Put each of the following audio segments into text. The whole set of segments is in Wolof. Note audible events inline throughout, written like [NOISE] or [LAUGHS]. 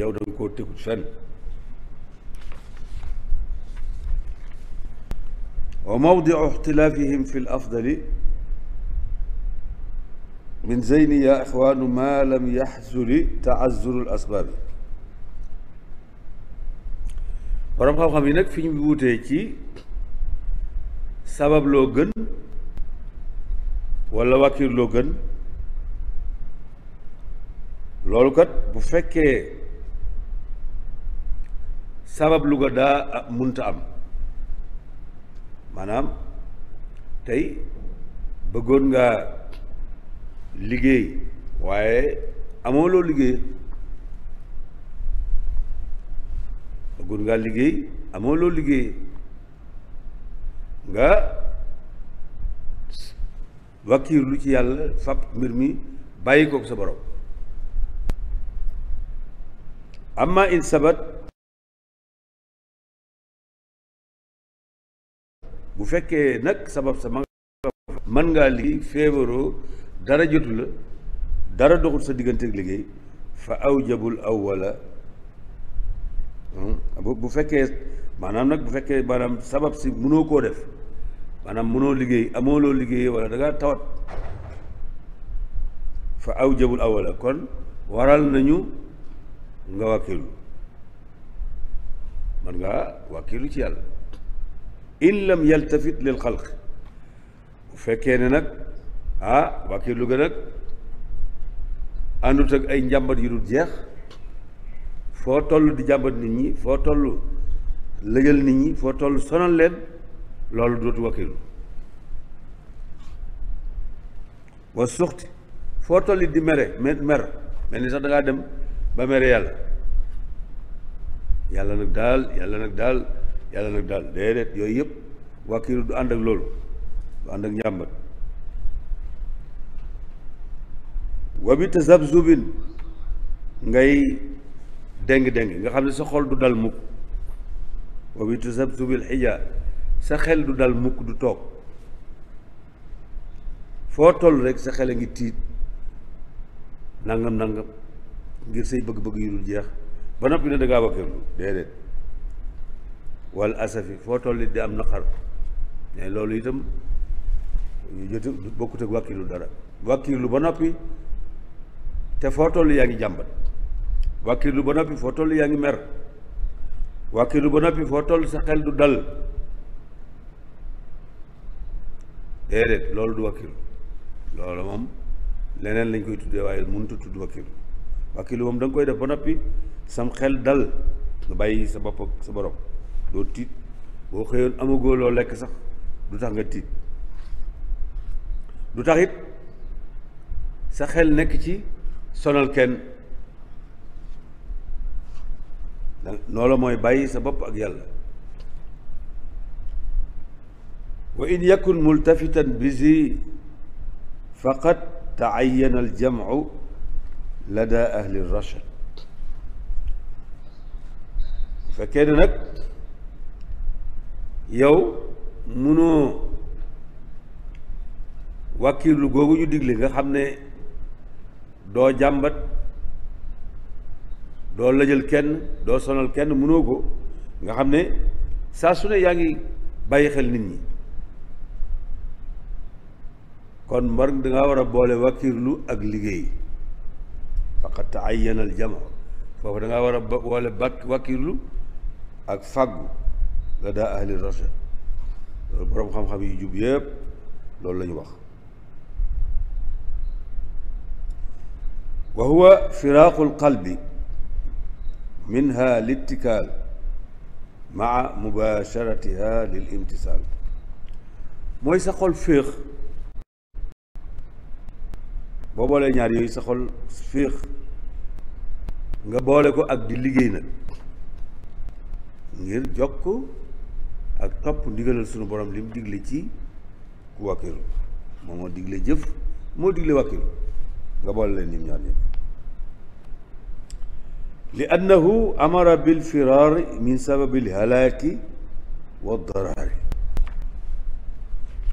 yow da nga koo tegut fenn wa mawdiu ixtilaafihim fi l afdali min zeyni ya ixwaanu ma lam yaxsuli taazuru l asbaabi borom xam yi nag fi ñu wuutee ci sabab loo wala wàkkiir loo gën loolu bu fekkee sabab lu ko daa munta am maanaam tey bëggoon nga liggéey waaye amoo loo liggéey bëggoon ngaa liggéey amoo loo liggéey nga wakkiir lu ci yàlla fab mbir mi bàyyi kook sa borom amma in sabat bu fekkee nag sabab sa ma ngaa liggéey féebaroo dara jotu la dara doxul sa digganteek liggéey fa aw jabul aw awwala hmm, bu bu fekkee maanaam nag bu fekkee maanaam sabab si mënoo koo def maanaam mënoo liggéey amoo loo liggéey wala dangaa ngaa tawat fa awjabul awwala kon waral nañu nga wàkkilu man ngaa wàkkilu ci yàlla in lam yaltafit lil xalq bu fekkee ne nag ah waa kii Louga nag àndut ay njàmbat yu dul jeex foo toll di jàmbat nit ñi foo toll lëjal nit ñi foo toll sonal leen loolu dootu wakkilu wa suxti foo toll di mere mer mel ni sax da dem ba mere yàlla yàlla nag daal yàlla nag daal yàlla nag daal déedéet yooyu yëpp wàkkiiru du ànd ak loolu du ànd ak njàmbat wa bi tazabzubin ngay déng-déng nga xam ne sa xol du dal mukk wa bi tazabzubil xija sa xel du dal mukk du toog foo toll rek sa xel a ngi tiit nangam nangam ngir say bëgg-bëgg yu dul jeex ba noppi ne da ngaa wàkkiirlu déedéet wal asafi foo toll di am naqar mais loolu itam jotu bokkut ak wàkkiilu dara wàkkiilu ba noppi te foo toll yaa ngi jàmbat wàkkiilu ba noppi foo toll yaa ngi mer wàkkiilu ba noppi foo toll sa xel du dal déedéet loolu du wàkkiilu loolu moom leneen lañ koy tuddee waaye mënut tudd wàkkiilu wàkkiilu moom da koy def ba noppi sam xel dal nga bàyyi sa bopp sa borom doo tiit boo xëyoon amagoo loo lekk sax du tax nga tiit du tax sa xel nekk ci sonal kenn loola mooy bàyyi sa bopp ak yàlla wa in yakun multafitan bisi faqad taayana aljamcu lada ahli rachad bu fekkee nag yow munoo wàkkiirlu googu ñu digle nga xam ne doo jàmbat doo lëjal kenn doo sonal kenn munoo ko nga xam ne saa su ne yaa ngi bàyyi xel nit ñi kon mbar danga war a boole wàkkiirlu ak liggéey faqad ay al jama foofu danga war a boole bakk wàkkiirlu ak fàggu la daa ahli rashad xam-xam yu jub yëpp loolu la wax wa huwa firaaqu alqalbi minha littikaal maa mubasharatiha lil imtisaal mooy sa xol féex boo boolee ñaar yooyu sa xol féex nga boole ko ak di liggéey nag ngir jokk ak topp ndigalal sunu borom li mu digle ci ku wàkkiru moom moo digle jëf moo digle wàkkiru nga boole leen ñoom ñaar ñëpp li annahu amara bil firaari min sababil halaaki wa daraari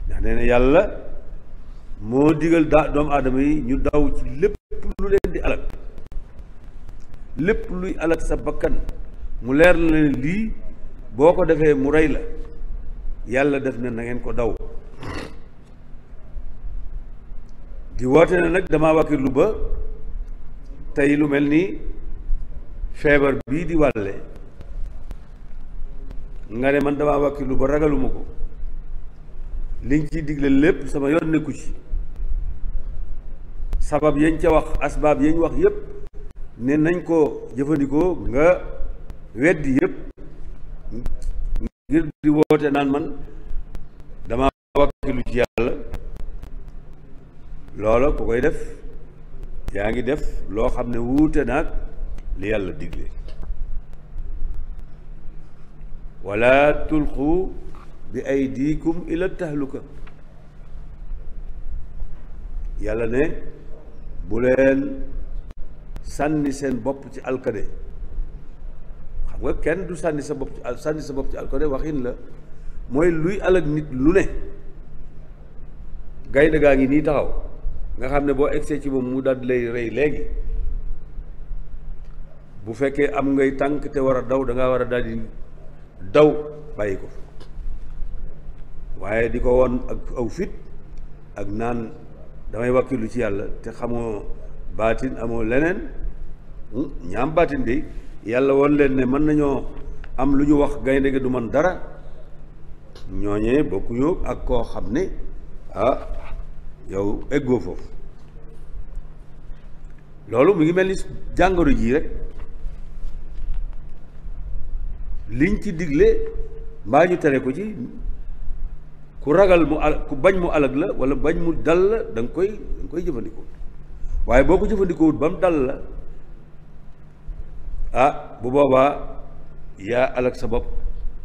ndax nee na yàlla moo digal daa doomu aadama yi ñu daw ci lépp lu leen di alal lépp luy alal sa bakkan mu leer la leen lii boo ko defee mu rey la yàlla def na nangeen ngeen ko daw di woote na nag damaa wàkkirlu ba tey lu mel ni feebar bii di wàlle nga ne man damaa wàkkirlu ba ragaluma ko li ci digle lépp sama yoon nekku ci sabab yañ ca wax asbaab yañ wax yépp ne nañ ko jëfandikoo nga weddi yépp ngir di woote naan man dama wakkilu ci yàlla loola ku koy def yaa ngi def loo xam ne wuute naag li yàlla digle wala tulqu bi aydikum ila tahluka yàlla ne bu leen sànni seen bopp ci alkade xam nga kenn du sànni sa bopp ci al sànni sa bopp ci alkode waxin la mooy luy alak nit lu ne gaynde gaa ngi nii taxaw nga xam ne boo egsee ci moom mu daal di lay rey léegi bu fekkee am ngay tànk te war a daw da ngaa war a daal di daw bàyyi ko waaye di ko won ak aw fit ak naan damay wàkkilu ci yàlla te xamoo baatin amoo leneen hmm? ñaam baatin de yàlla woon leen ne mën nañoo am lu ñu wax gaynde gi du man dara ñooñee bokkuñu ak koo xam ne ah yow eggoo foofu loolu mu ngi mel ni jàngoro jii rek liñ ci digle mbaa ñu tere ko ci ku ragal mu al ku bañ mu alag la wala bañ mu dal la da koy da koy jëfandikoo waaye boo ko jëfandikoowut ba mu dal la ah bu boobaa yaa alak sa bopp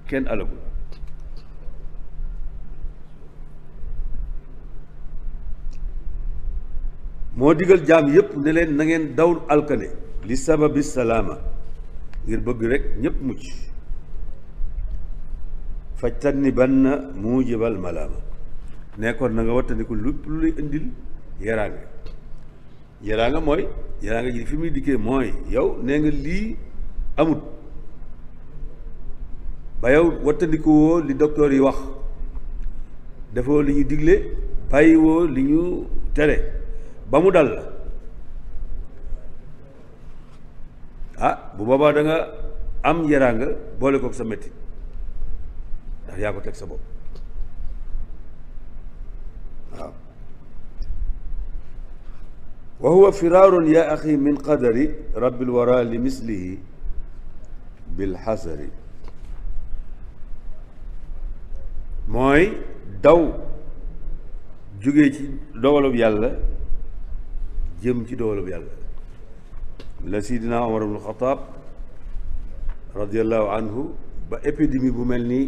kenn alagul moo digal jaam yépp ne leen na ngeen daw alkane li sababi salaama ngir bëgg rekk ñépp mujj fajtan ni bann muujibal malaama nekkoon na nga wattandiku lépp lu lay indil yaraange yaraanga mooy yaraanga ji fi muy dikkee mooy yow nee nga lii amut ba yow wattandikuwoo li docteur yi wax defoo li ñu digle bàyyiwoo li ñu tere ba mu dal la ah bu boobaa danga am yaraanga boole kook sa métti ndax yaa ko teg sa bopp wa huwa firaarun ya axi min qadari rabbil wara li mislihi bil xasari mooy daw jóge ci dogalub yàlla jëm ci dogalub yàlla la sidina Omar ibn Xataab radiallahu anhu ba épidémie bu mel ni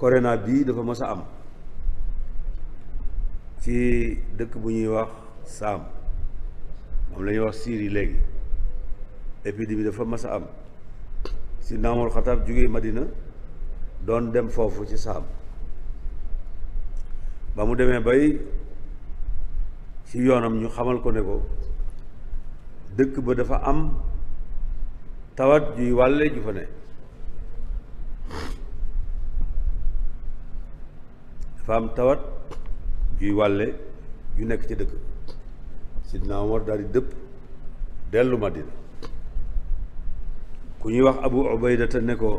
corona bi dafa mas a am ci dëkk bu ñuy wax saam moom la ñuy wax Syrie léegi épidémie dafa mas am si naamul xataab jóge Madina doon dem foofu ci saam ba mu demee bay ci yoonam ñu xamal ko ne ko dëkk ba dafa am tawat juy wàlle ju fa ne dafa am tawat juy wàlle ju nekk ci dëkk sidna Omar daal di dëpp dellu Madina ku ñuy wax Abu Ubaydata ne ko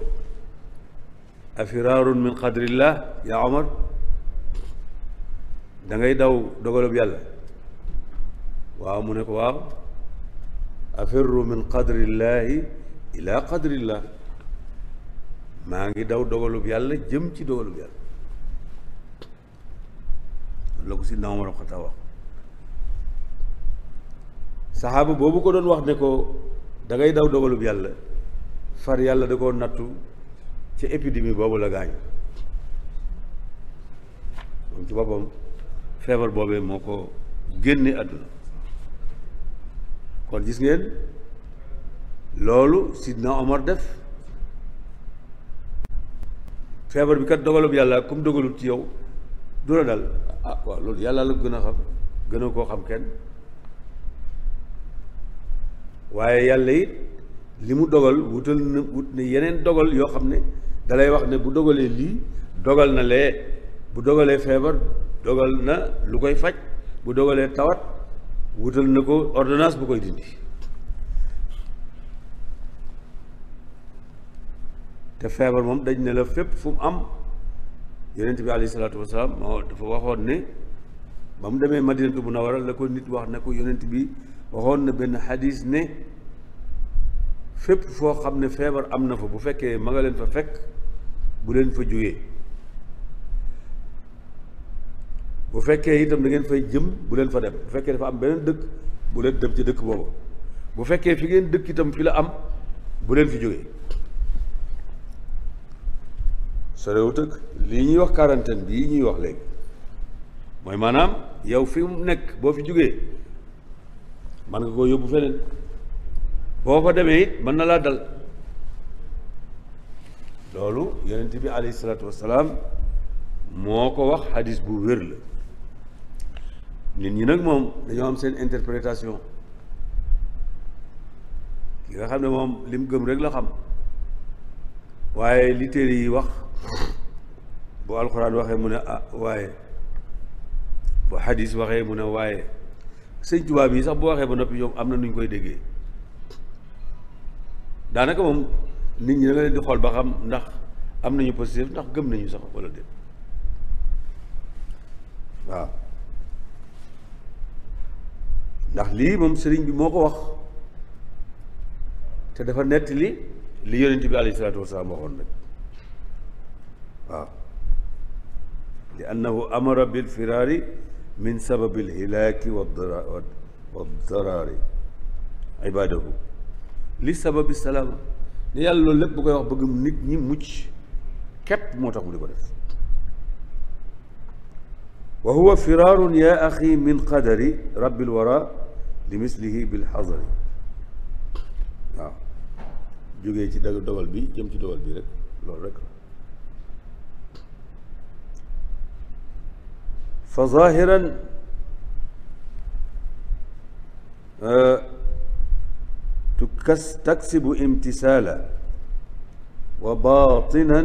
afiraarun min qadrillah yaa Omar da daw dogalub yàlla waaw mu ne ko waaw afirru min qadrillahi ila qadrillah maa ngi daw dogalub yàlla jëm ci dogalub yàlla loolu ko sidna Omar Xattaab wax saxaaba boobu ko doon wax ne ko dangay ngay daw dogalub yàlla far yàlla da koo nattu ci épidémie boobu la gaañu moom ci boppam feebar boobee moo ko génne àdduna kon gis ngeen loolu sidna Omar def feebar bi kat dogalub yàlla comme dogalut ci yow du la dal ah waaw loolu yàlla la gën a xam gën a koo xam kenn waaye yàlla it li mu dogal wutal na wut na yeneen dogal yoo xam ne dalay wax ne bu dogalee lii dogal na lee bu dogalee feebar dogal na lu koy faj bu dogalee tawat wutal na ko ordonnance bu koy dindi te feebar moom dañ ne la fépp fu mu am yonent bi alayhi salaatu wasalaam moo dafa waxoon ne ba mu demee madinatu munawwara la ko nit wax ne ko yonent bi waxoon na benn xadis ne fépp foo xam ne feebar am na fa bu fekkee ma nga leen fa fekk bu leen fa jógee bu fekkee itam da ngeen fay jëm bu leen fa dem bu fekkee dafa am beneen dëkk bu leen dem ci dëkk boobu bu fekkee fi ngeen dëkk itam fi la am bu leen fi jógee sorewut ak li ñuy wax quarantaine bii ñuy wax léegi mooy maanaam yow fi mu nekk boo fi jógee man nga koo yóbbu feneen boo ko demee it mën na laa dal loolu yonent bi alayhi salaatu wassalaam moo ko wax xadis bu wér la nit ñi nag moom dañoo am seen interprétation ki nga xam ne moom li mu gëm rek la xam waaye li téere yi wax bu alxuraan waxee mu ne a ah, waaye bu xadis waxee mu ne waaye sëñ Tuubaa bi sax bu waxee ba noppi ñoom am na nu ñu koy déggee daanaka moom nit ñi da leen di xool ba xam ndax am nañu positif ndax gëm nañu sax walla déet waaw ndax lii moom sëriñ bi moo ko wax te dafa nett li li yonent bi alayhi salaatu wasalaam waxoon nag waaw li annahu amara bil firaari min sababil hilaaki wa daraari ibaadahu li sababi salaama ne yàlla loolu lépp bu koy wax bëgg nit ñi mucc képp moo tax mu di ko def wa huwa firaarun ya axi min qadari rabbil wara li mislihi bil xadari waaw jógee ci dogal bi jëm ci dogal bi rek loolu rek فظاهرا تكسب امتثالا وباطنا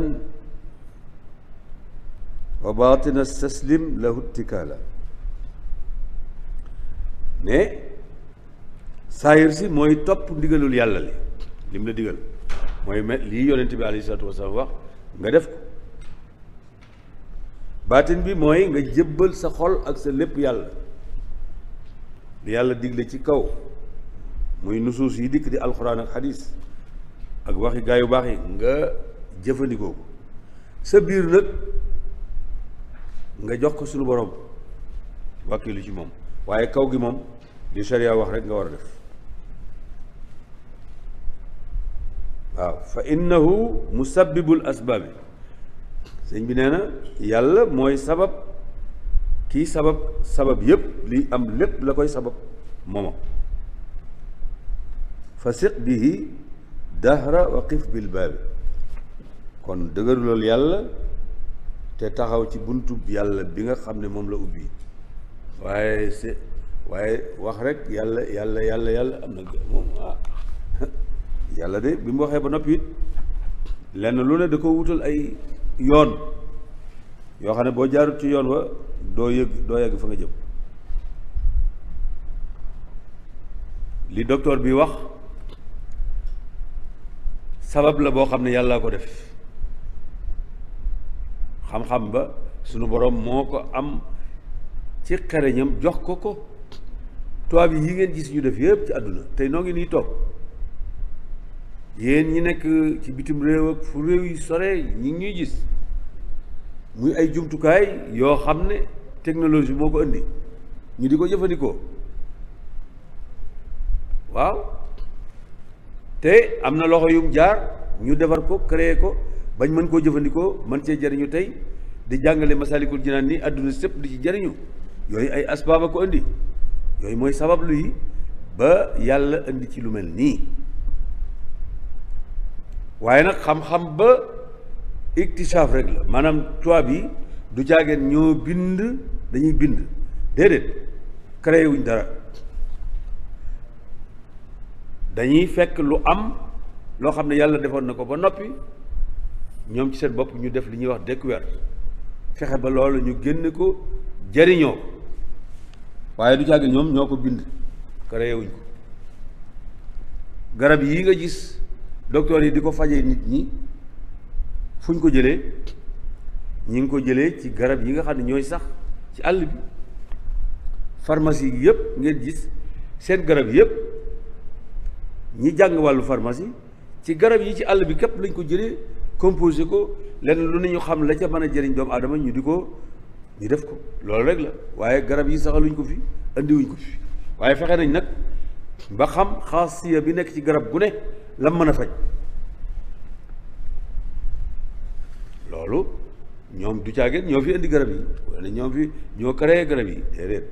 وباطنا استسلم له اتكالا ne saayir si mooy topp ndigalul yàlla li lim la digal mooy me lii yonent bi alayhi salaatu wasalaam wax nga def ko baatin bi mooy nga jébbal sa xol ak sa lépp yàlla li yàlla digle ci kaw muy nusuus yi dikk di alxuraan ak ak waxi gaa yu baax yi nga jëfandikoo sa biir nag nga jox ko sunu borom wàkkilu ci moom waaye kaw gi moom li sharia wax rek nga war a def waaw fa innahu musabbibul asbaabi sëñ bi nee na yàlla mooy sabab kii sabab sabab yépp li am lépp la koy sabab mooma fasiq bihi dahra waqif bil baabi kon dëgëru yàlla te taxaw ci buntub yàlla bi nga xam ne moom la ubbi waaye se waaye wax rek yàlla yàlla yàlla yàlla am na moom ah [LAUGHS] yàlla de bi mu waxee ba noppi it lenn lu ne da ko wutal ay yoon yoo xam ne boo jaarut ci yoon wa doo yëg doo yegg fa nga jëm li docteur bi wax sabab la boo xam ne yàlla ko def xam-xam ba sunu boroom moo ko am ci xereñam jox ko ko tubaab yi yi ngeen gis ñu def yëpp ci àdduna tey noo ngi nii toog yéen ñi nekk ci bitim réew ak fu réew yi sore ñi ngi ñuy gis muy ay jumtukaay yoo xam ne technologie moo ko indi ñu di ko jëfandikoo waaw te am na loxo yum jaar ñu defar ko créer ko bañ mën koo jëfandikoo mën cee jariñu tey di jàngale masalikul jinaan ni àdduna sëpp di ci jariñu yooyu ay asbaaba ko indi yooyu mooy sabab lu yi ba yàlla indi ci lu mel nii waaye nag xam-xam ba iktisaaf rek la maanaam tubaab yi du caageen ñoo bind dañuy bind déedéet créé wuñ dara dañuy fekk lu am loo xam ne yàlla defoon na ko ba noppi ñoom ci seen bopp ñu def li ñuy wax découverte fexe ba loolu ñu génn ko jariñoo waaye du caageen ñoom ñoo ko bind créé wuñ ko garab yi nga gis docteur yi di ko fajee nit ñi fu ñu ko jëlee ñi ngi ko jëlee ci garab yi nga xam ne ñooy sax ci àll bi farmasi yi yëpp ngeen gis seen garab yëpp ñi jàng wàllu pharmacie ci garab yi ci àll bi képp lañ ko jëlee composé ko lenn lu ne ñu xam la ca mën a jëriñ doomu aadama ñu di ko ñu def ko loolu rek la waaye garab yi saxaluñ ko fi andiwuñ ko fi waaye fexe nañ nag ba xam xaasiya bi nekk ci garab gu ne lam mën a faj loolu ñoom du caageen ñoo fi indi garab yi wala ñoom fi ñoo créé garab yi déedéet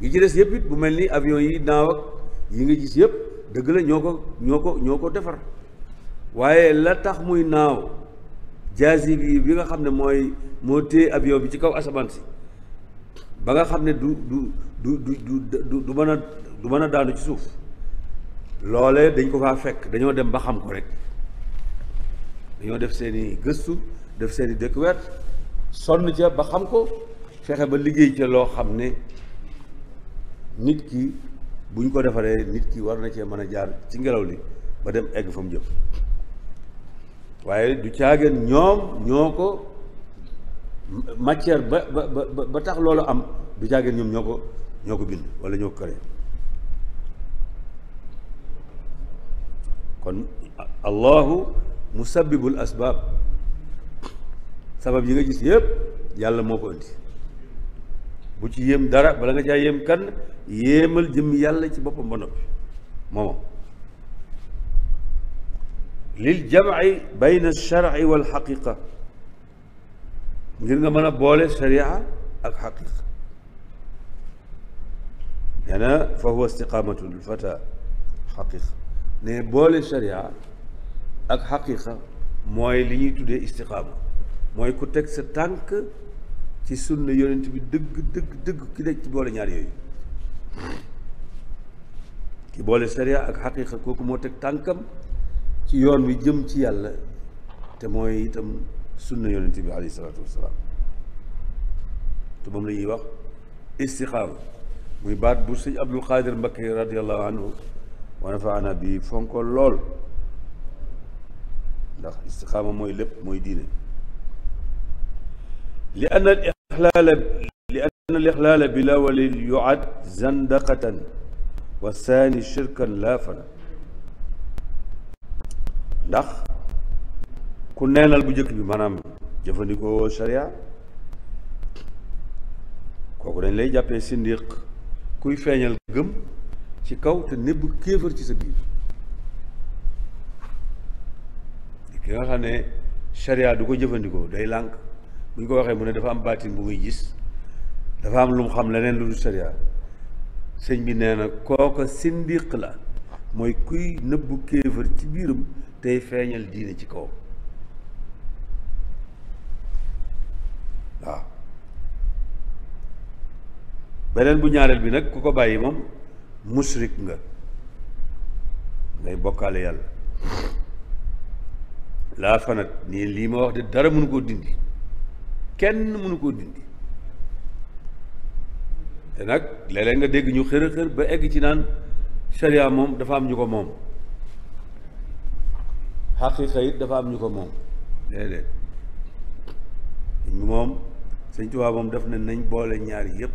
yi ci des yëpp it bu mel ni avion yi naaw ak yi nga gis yëpp dëgg la ñoo ko ñoo ko ñoo ko defar waaye la tax muy naaw jaasi yi bi nga xam ne mooy moo téye avion bi ci kaw asamaan si ba nga xam ne du du du du du du mën a du mën a daanu ci suuf loole dañ ko faa fekk dañoo dem ba xam ko rek dañoo def seeni gëstu def seen i découverte sonn ca ba xam ko fexe ba liggéey ca loo xam ne nit ki buñ ko defaree nit ki war na cee mën a jaar ci ngelaw li ba dem egg fa mu jëm waaye du caageen ñoom ñoo ko matière ba ba ba tax loolu am du caageen ñoom ñoo ko ñoo ko bind wala ñoo ko kon allahu musabbibul asbaab sabab yi nga gis yëpp yàlla moo ko indi bu ci yéem dara bala nga caa yéem kan yéemal jëm yàlla ci boppam ba noppi moomam lil jamci bayna sharci wal xaqiqa ngir nga mën a boole sharia ak xaqiqa nee na fa huwa istiqaamatu lfata xaqiqa ne boole sharia ak xaqiqa mooy li ñuy tuddee istiqaama mooy ku teg sa tànk ci sunna yonent bi dëgg dëgg dëgg ki nekk ci boole ñaar yooyu ki boole sharia ak xaqiqa kooku moo teg tànkam ci yoon wi jëm ci yàlla te mooy itam sunna yonent bi alayhi salaatu wassalaam te la ñuy wax istiqaama muy baat bu sëñ Abdul Xaadir mbakk radiallahu anhu wa nafaana bi fonko lool ndax istixaama mooy lépp mooy diine li anna al ixlaala li anna al ixlaala bi la walil yuad zandaqatan wa saani shirkan laafana ndax ku neenal bu jëkk bi maanaam jëfandikoo sharia kooku dañ lay jàppee sindiq kuy feeñal gëm ci kaw te nëbb kéefër ci sa biir ki nga xam ne charia du ko jëfandikoo day lànk bu ñu ko waxee mu ne dafa am baatin bu muy gis dafa am lu mu xam leneen lu dul charia sëñ bi nee na kooka sindiq la mooy kuy nëbbu kéefër ci biiram tey feeñal diine ci kaw waaw beneen bu ñaareel bi nag ku ko bàyyi moom musrik nga ngay bokkaale yàlla laa fanat nii lii ma wax de dara mënu koo dindi kenn mënu koo dindi te nag léeg nga dégg ñu xër ba egg ci naan sharia moom dafa am ñu ko moom xaqiqa it dafa am ñu ko moom déedéet moom Sëñ Tuubaa moom def na nañ boole ñaar yëpp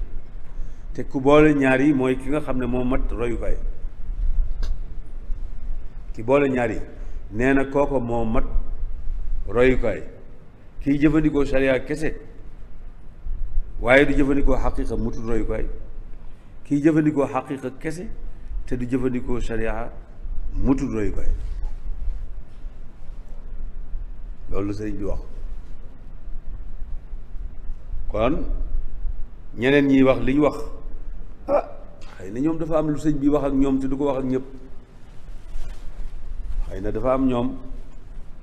te ku boole ñaar yi mooy ki nga xam ne moo mat royukaay ki boole ñaar yi nee na kooko moo mat royukaay kiy jëfandikoo sariya kese waaye du jëfandikoo xaqiqa mutul royukaay kiy jëfandikoo xaqiqa kese te du jëfandikoo sariya mutul royukaay loolu la sëriñ wax kon ñeneen ñiy wax li wax ah xëy na ñoom dafa am lu sëñ bi wax ak ñoom te du ko wax ak ñëpp xëy na dafa am ñoom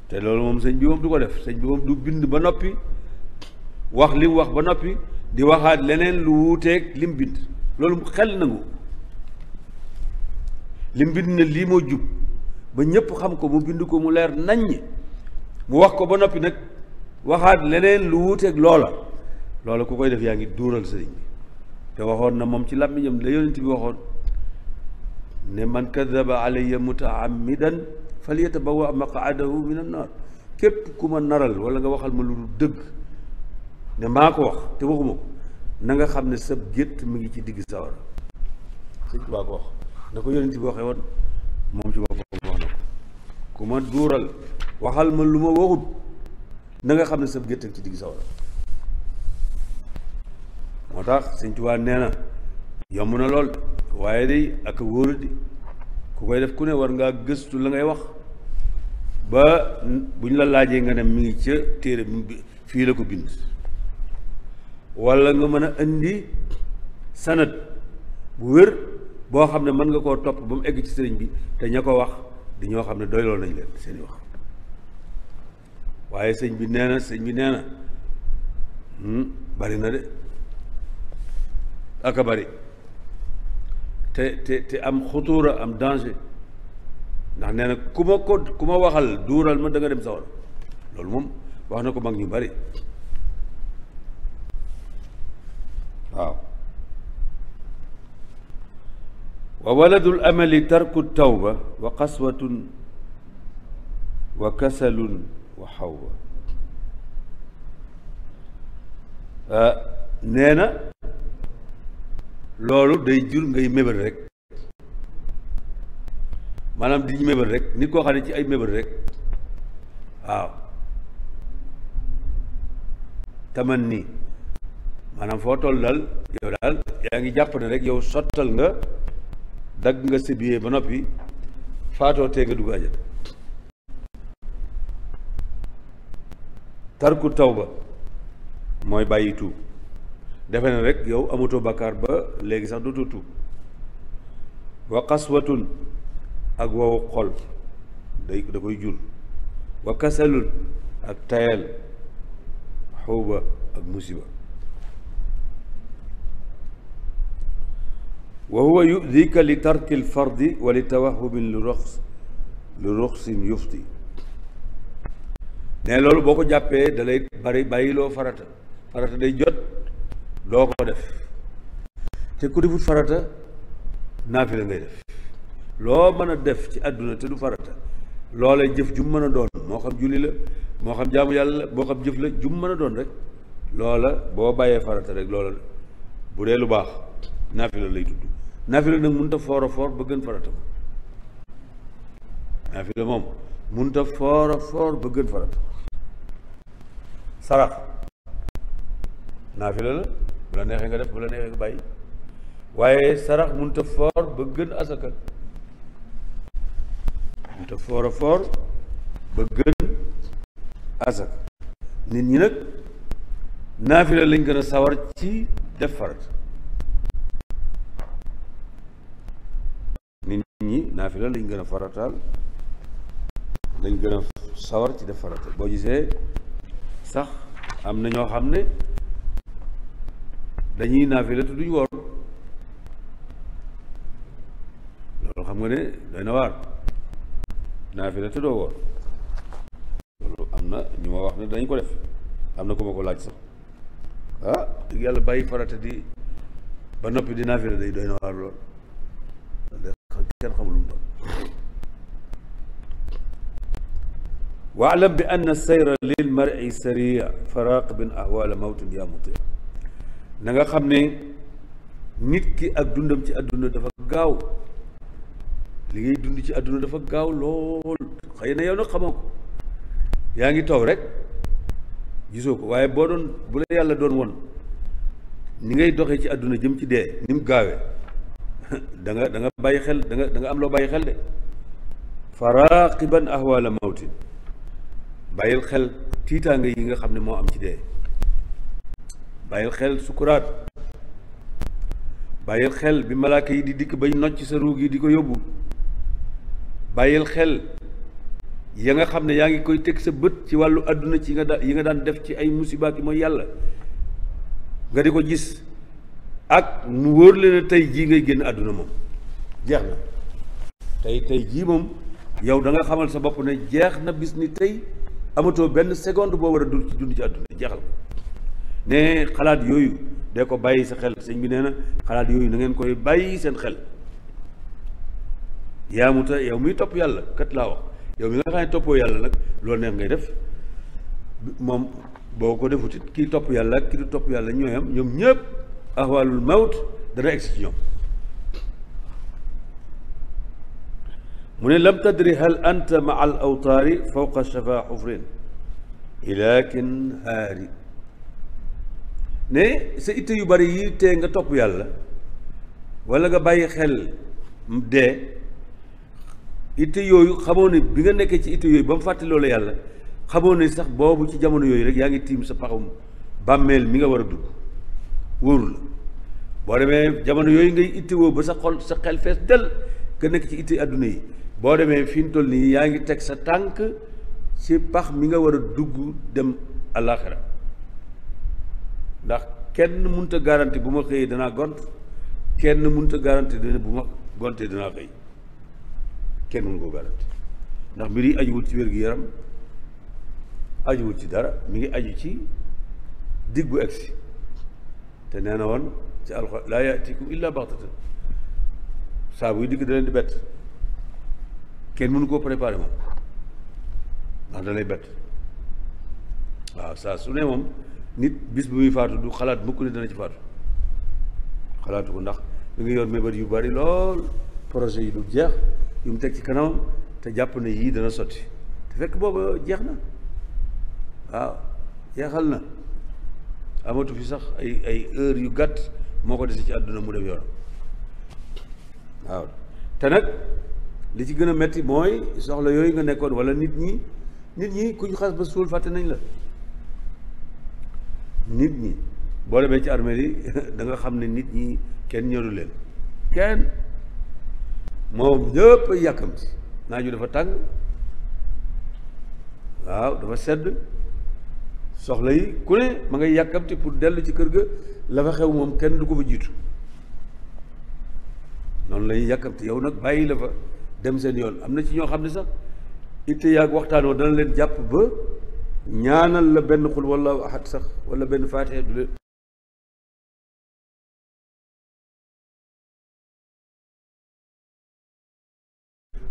te loolu moom sëñ bi moom du ko def sëñ bi moom du bind ba noppi wax li wax ba noppi di waxaat leneen lu wuuteeg li bind loolu xel nangu li mu bind lii moo jub ba ñëpp xam ko mu bind ko mu leer naññ mu wax ko ba noppi nag waxaat leneen lu wuuteeg loola loola ku koy def yaa ngi duural sëriñ te waxoon na moom ci làmmiñam la yonent bi waxoon ne man kadaba alayya mutaammidan falyatabawa maqaadahu min annaar képp ku ma naral wala nga waxal ma lu dëgg ne maa ko wax te waxuma ko na nga xam ne sab gétt mu ngi ci digg sawara sëñ baa ko wax na ko yonent bi waxee moom ci wax na ko ku ma duural waxal ma lu ma waxut na nga xam ne sab gétt ci digg sawara moo tax Sëñ Tuubaa nee na yomb na lool waaye day ak wóoru ku koy def ku ne war ngaa gëstu la ngay wax ba bu ñu la laajee nga ne mi ngi ca téere bi fii la ko bind walla nga mën a indi sanad bu wér boo xam ne mën nga koo topp ba mu egg ci sëriñ bi te ña ko wax di ñoo xam ne doyloo nañ leen seeni wax waaye sëñ bi nee na sëñ bi nee na hmm, bari na de aka bari te te te am xutuura am danger ndax nee na ku ma ko ku ma waxal duural ma da nga dem sawar loolu moom wax na ko mag ñu bari waaw wa waladul amali tarku tawba wa qaswatun wa kasalun wa xawwa nee na loolu day jur ngay mébal rek maanaam di mébal rek nit koo xam ci ay mébal rek waaw taman nii maanaam foo toll daal yow daal yaa ngi jàpp ne rek yow sottal nga dagg nga sibiyee ba noppi faatoo nga dugg àjjana tarku tawba mooy bàyyi tuub defe na rek yow amatoo bakkaar ba léegi sax dootoo tuub wa ak wowu xol day da koy jur wa kasalun ak tayal xuuba ak musiba wa huwa yudika li tarki alfardi wa li lu rox lu roxsin yufti ne loolu boo ko jàppee da lay bari bàyyiloo farata farata day jot doo ko def te ku defut farata naafila ngay def loo mën a def ci àdduna te du farata loolee jëf jum mën a doon moo xam julli la moo xam jaamu yàlla boo moo xam jëf la jum mën a doon rek loola boo bàyyee farata rek loola bu dee lu baax naafila lay tudd naafila nag mënut a foor a foor ba gën farata moom naafila moom mënut a foor ba gën farata sarax naafila la bu la neexee nga def bu la neexee nga bàyyi waaye sarax mënut a foor ba gën asaka nit ñi nag naafila lañ gën a sawar ci def farat nit ñi naafila lañ gën a farataal lañ gën a sawar ci def farata boo gisee sax am na ñoo xam ne dañuy naafila te duñ woor loolu xam nga ne doy na waar doo woor am na ñu ma wax ne dañ ko def am na ku ma ko laaj sax ah yàlla bàyyi farata di ba noppi di naafila day doy na waar lool kenn xamul lu doon waalam bi ann sayra lil mari saria fa raqibin ahwala mawtin yaa muti nanga xam ne nit ki ak dundam ci àdduna dafa gaaw li ngay dund ci àdduna dafa gaaw lool xëy na yow nag xamoo ko yaa ngi toog rek gisoo ko waaye boo doon bu la yàlla doon won ni ngay doxee ci àdduna jëm ci dee ni mu gaawee [LAUGHS] da danga da bàyyi xel da danga da nga am loo bàyyi xel de faraqiban ahwala mawtin bàyyil xel tiitaanga yi nga xam ne moo am ci dee bàyyil xel sukuraat bàyyil xel bi malaaka yi di dikk bay nocc sa ruug yi di ko yóbbu bàyyil xel ya nga xam ne yaa ngi koy teg sa bët ci wàllu àdduna ci nga da yi nga daan def ci ay musiba ki mooy yàlla nga di ko gis ak mu wóor leen tey jii ngay génn àdduna moom jeex na tey tey jii moom yow da nga xamal sa bopp ne jeex na bis ni tey amatoo benn seconde boo war a dund ci dund ci àdduna jeexal ne xalaat yooyu de ko bàyyi sa xel sañ bi nee na xalaat yooyu nangeen koy bàyyi seen xel yaa mu ta yow muy topp yàlla kat laa wax yow mi nga xam ne toppoo yàlla nag loolu neex ngay def moom boo ko defutit kii topp yàlla ak kii topp yàlla ñooy am ñoom ñëpp ahwalul mawt dana egsi mu ne lam tadri hal anta ma al awtaari fawqa shafa xufrin ilaakin haari ne sa it yu bari yi te nga topp yàlla wala nga bàyyi xel dee itte yooyu xamoo ne bi nga nekkee ci itte yooyu ba mu fàttali loolu yàlla xamoo ne sax boobu ci jamono yooyu rek yaa ngi tiim sa paxum bàmmeel mi nga war a dugg wóoru la boo demee jamono yooyu ngay itte woo ba sa xol sa xel fees del nga nekk ci itte àdduna yi boo demee fi mu toll nii yaa ngi teg sa tànk si pax mi nga war a dugg dem àllaaxira ndax kenn mënta garanti bu ma xëyee danaa gont kenn mënta garanti dina bu ma gontee danaa xëy kenn mënu koo garanti ndax mbir yi ajuwul ci wér-gu-yaram ajuwul ci dara mi ngi aju ci digg bu egsi te nee na woon ci alxuraan laa yaatikum illa baxtatan saa buy digg di bett kenn mënu koo préparé moom ndax da bett waaw saa su ne moom nit bis bu muy faatu du xalaat mukk ne dana ci faatu xalaatu ko ndax mu ngi yoon mébat yu bari lool projet yi du jeex yu mu teg ci kanamam te jàpp na yii dana sotti te fekk booba jeex na waaw jeexal na amatu fi sax ay ay heure yu gàtt moo ko dese ci àdduna mu dem yoonam waaw te nag li ci gën a metti mooy soxla yooyu nga nekkoon wala nit ñi nit ñi ku ñu xas ba suul fàtte nañ la nit ñi boo demee ci armée [LAUGHS] danga xam ne nit ñi kenn ñoru leen kenn moom ñëpp yàkkamti naaj wi dafa tàng waaw dafa sedd soxla yi ku ne ma ngay yàkkamti pour dellu ci kër ga la fa xew moom kenn du ko jiitu noonu lay yàkkamti yow nag bàyyi la fa dem seen yoon am na ci ñoo xam ne sax itte waxtaan waxtaanoo dana leen jàpp ba ñaanal la benn xul wallahu ahad sax walla benn faatiha du leen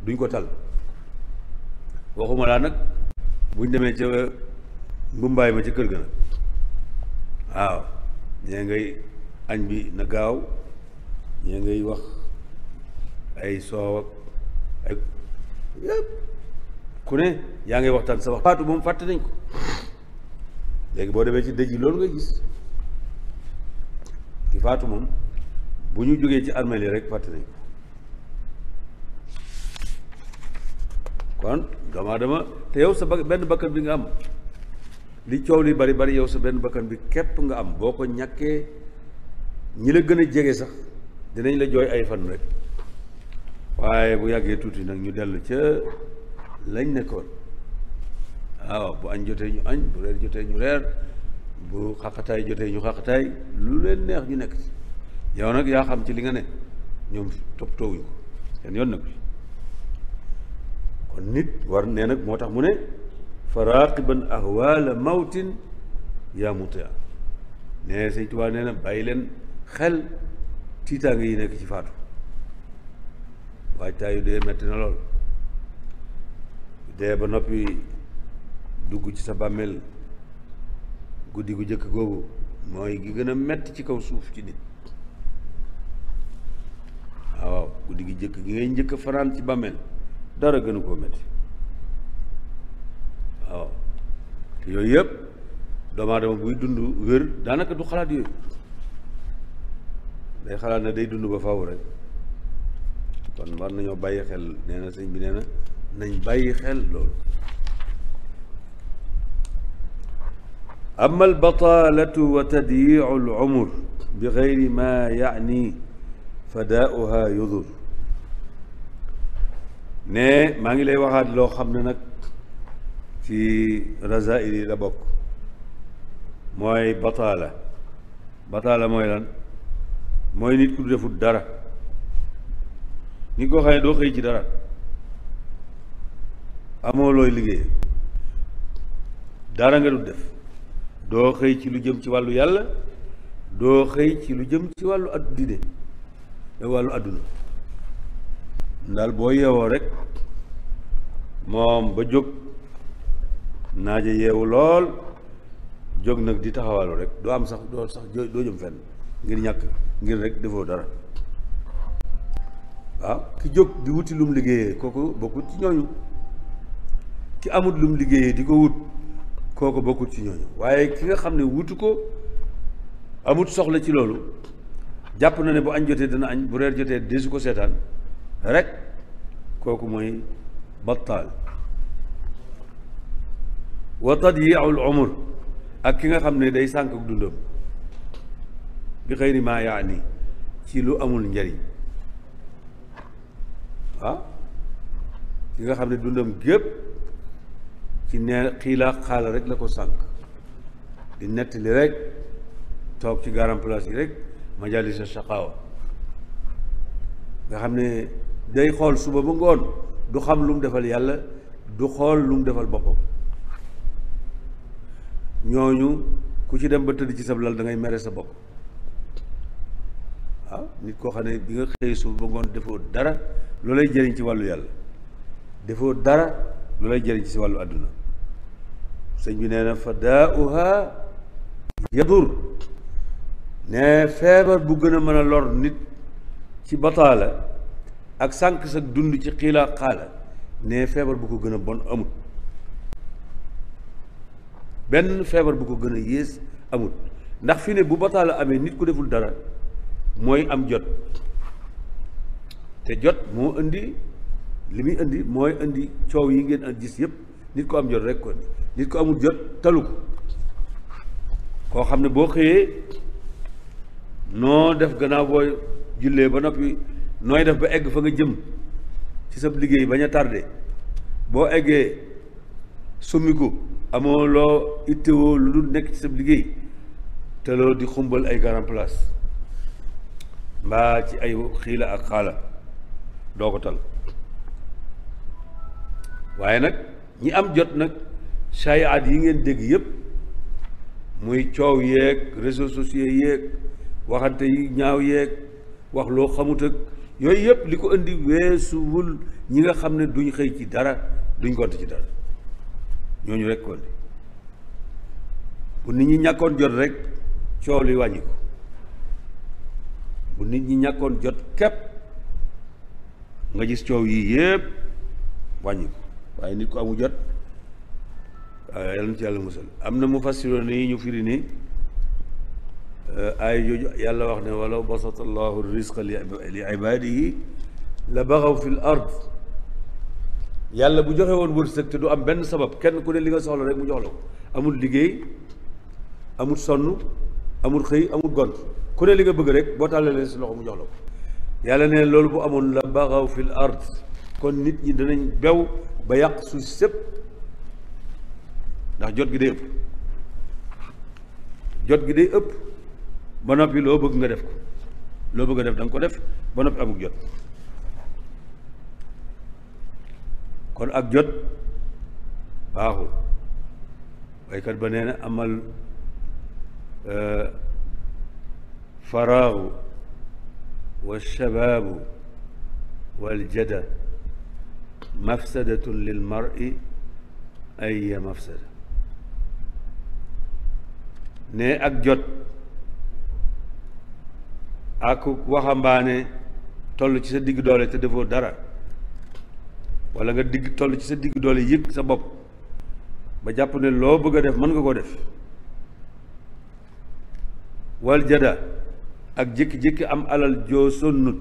duñ ko tal waxuma laa nag buñ demee ca mbumbaay ma ca kër ga nag waaw ñee ngay añ bi na gaaw ñee ngay wax ay soow ay yëpp ku ne yaa ngay waxtaan sa wax faatu moom fàtte nañ ko léegi boo demee ci dëj yi loolu ngay gis ki faatu moom bu ñu jógee ci armeel yi rek fàtte nañ ko kon doomu aadama te yow sa benn bakkan bi nga am li coow li bari bari yow sa benn bakkan bi képp nga am boo ko ñàkkee ñi la gën a jege sax dinañ la jooy ay fan rek waaye bu yàggee tuuti nag ñu dell ca lañ nekkoon waaw bu añ jotee ñu añ bu reer jotee ñu reer bu xaqataay jotee ñu xaqataay lu leen neex ñu nekk ci yow nag yaa xam ci li nga ne ñoom topp toowuñ ko seen yoon nag kon nit war ne nag moo tax mu ne fa raqiban ahwala mawtin yaa mutia ne Sëñ Tuubaa nee na bàyyi leen xel tiitaange yi nekk ci faatu waajtaayu de metti na lool dee ba noppi dugg ci sa bàmmeel guddi gu jëkk googu mooy gi gën a metti ci kaw suuf ci nit waaw guddi gi jëkk gi ngay njëkk fanaan ci bàmmeel dara gënu koo metti waaw yooyu yëpp doomu buy dund wér daanaka du xalaat yooyu day xalaat na day dund ba faw rekk kon war nañoo bàyyi xel nee na bi neena nañ bàyyi xel loolu ama albatalatu wa tadyiu alumr bi geyri ma yaani fadaauha yudur ne maa ngi lay waxaat loo xam ne nag ci rasail yi la bokk mooy bataala bataala mooy lan mooy nit ku defut dara nit koo xam ne doo xëy ci dara amoo looy liggéey dara nga du def doo xëy ci lu jëm ci wàllu yàlla doo xëy ci lu jëm ci wàllu ad diine eh, wàllu àdduna daal boo yeewoo rek moom ba jóg naaje yeewu lool jóg nag di taxawaalu rek doo am sax doo sax doo jëm fenn ngir ñàkk ngir rek defoo dara waaw ah, ki jóg di wuti lum liggéeyee kooku bokkut ci ñooñu ki amul lum liggéeyee di ko wut kooku bokkut ci ñooñu waaye ki nga xam ne wutu ko amut soxla ci loolu jàpp na ne bu añ jotee dana añ bu reer jotee desu ko seetaan rekk kooku mooy battaal wa tadyi'ul umr ak ki nga xam ne day sànk ak dundam bi xëyri maa yaani ci lu amul njariñ ah ki nga xam ne dundam gépp ci nee xiilaa xaala rek la ko sànq di nettali rek toog ci garan place yi rek majalisa shaqaawa nga xam ne day xool suba ba ngoon du xam lu defal yàlla du xool lum defal boppam ñooñu ku ci dem ba tëdd ci sab lal da ngay mere sa bopp waaw nit koo xam ne bi nga xëyee suba ba ngoon defoo dara loolay jëriñ ci wàllu yàlla defoo dara loolay jëriñ ci wàllu àdduna sëñ bi nee na fa daauha yadur ne feebar bu gën a mën a lor nit ci bataala ak sànq sa dund ci xiilaa xaala ne feebar bu ko gën a bon amut benn feebar bu ko gën a yées amut ndax fi ne bu bataala amee nit ku deful dara mooy am jot te jot moo indi li muy indi mooy indi coow yi ngeen gis yépp nit ko am jot rek ko nit ko amul jot talu koo xam ne boo xëyee noo def gannaaw boo jullee ba noppi nooy def ba egg fa nga jëm ci sab liggéey bañ a tardé boo eggee summiku amoo loo ittewoo lu dul nekk ci sab liggéey te loo di xumbal ay garan place mbaa ci ay xiila ak xaala doo ko tal waaye nag ñi am jot nag at yi ngeen dégg yépp muy coow yeeg réseaux sociaux yeeg waxante yi ñaaw yeeg wax loo xamut ak yooyu yépp li ko indi weesuwul ñi nga xam ne duñ xëy ci dara duñ gont ci dara ñooñu rek kon bu nit ñi ñàkkoon jot rek coow li wàññi ko bu nit ñi ñàkkoon jot képp nga gis coow yii yépp wàññi waaye nit ko amu jot waaw yàlla na yàlla musal am na mu fassiroon yi ñu firi ni eh, ay jooju yàlla wax ne walaw basata allahu risqa li ibadihi la baxaw fi l yàlla bu joxe woon wërsëg te du am benn sabab kenn ku ne li nga soxla rek mu jox la ko amul liggéey amul sonn amul xëy amul gon ku ne li nga bëgg rek boo tàllalee si loxo mu jox la ko yàlla ne loolu bu amoon la baxaw fi l kon nit ñi danañ bew ba yàq suuf sépp ndax jot gi day ëpp jot gi day ëpp ba noppi loo bëgg nga def ko loo bëgg a def da ko def ba noppi amuk jot kon ak jot baaxul baykat ba nee na amal eh, faraagu wa shabaabu waljada mafsadatun lil mar'i ay mafsada ne ak jot ak waxambaane toll ci sa digg doole te defoo dara walla nga digg toll ci sa digg doole yëg sa bopp ba jàpp ne loo bëgg a def mën nga koo def wal jada ak jékki-jékki am alal joo sonnut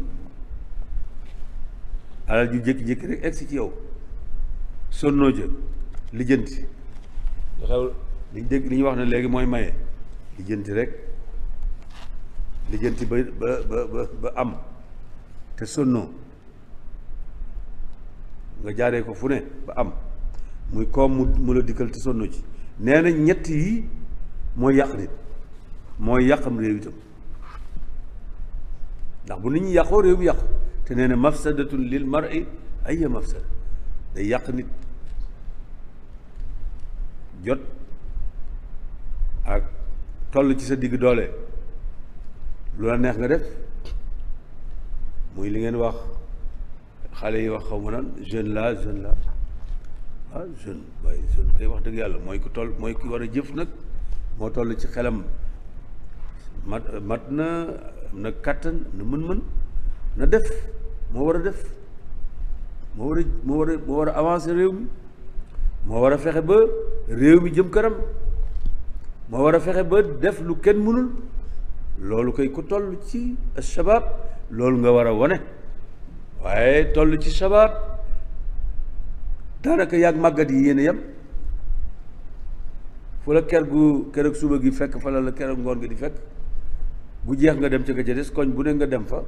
alal ju jékki-jékki rek egsi ci yow sonnoo jë lijjanti li xew dégg li ñu wax ne léegi mooy maye lijjanti rek lijjanti ba ba ba ba am te sonnoo nga jaaree ko fu ne ba am muy koom mu mu la dikkal te sonnoo ci nee na ñett yi mooy yàq nit mooy yàqam réew itam ndax bu nit ñi yàqoo réew mi yàqu te nee na mafsadatun lil mar'i ay mafsada day yàq nit jot ak toll ci sa digg doole lu la neex nga def muy li ngeen wax xale yi wax xaw ma naan jeune la jeune la ah jeune waaye jeune koy wax dëgg yàlla mooy ku toll mooy ku war a jëf nag moo toll ci xelam mat mat na na kàttan na mën-mën na def moo war a def moo war a moo war a moo war a avancer réew mi moo war a fexe ba réew mi jëm kanam moo war a fexe ba def lu kenn mënul loolu koy ku toll ci sabab loolu nga war a wone waaye toll ci sabab daanaka yàgg màggat yi yéen a yem fu la ker gu ker ak suba gi fekk fa la la ker ak ngoon gi di fekk bu jeex nga dem ca ka ca des koñ bu ne nga dem fa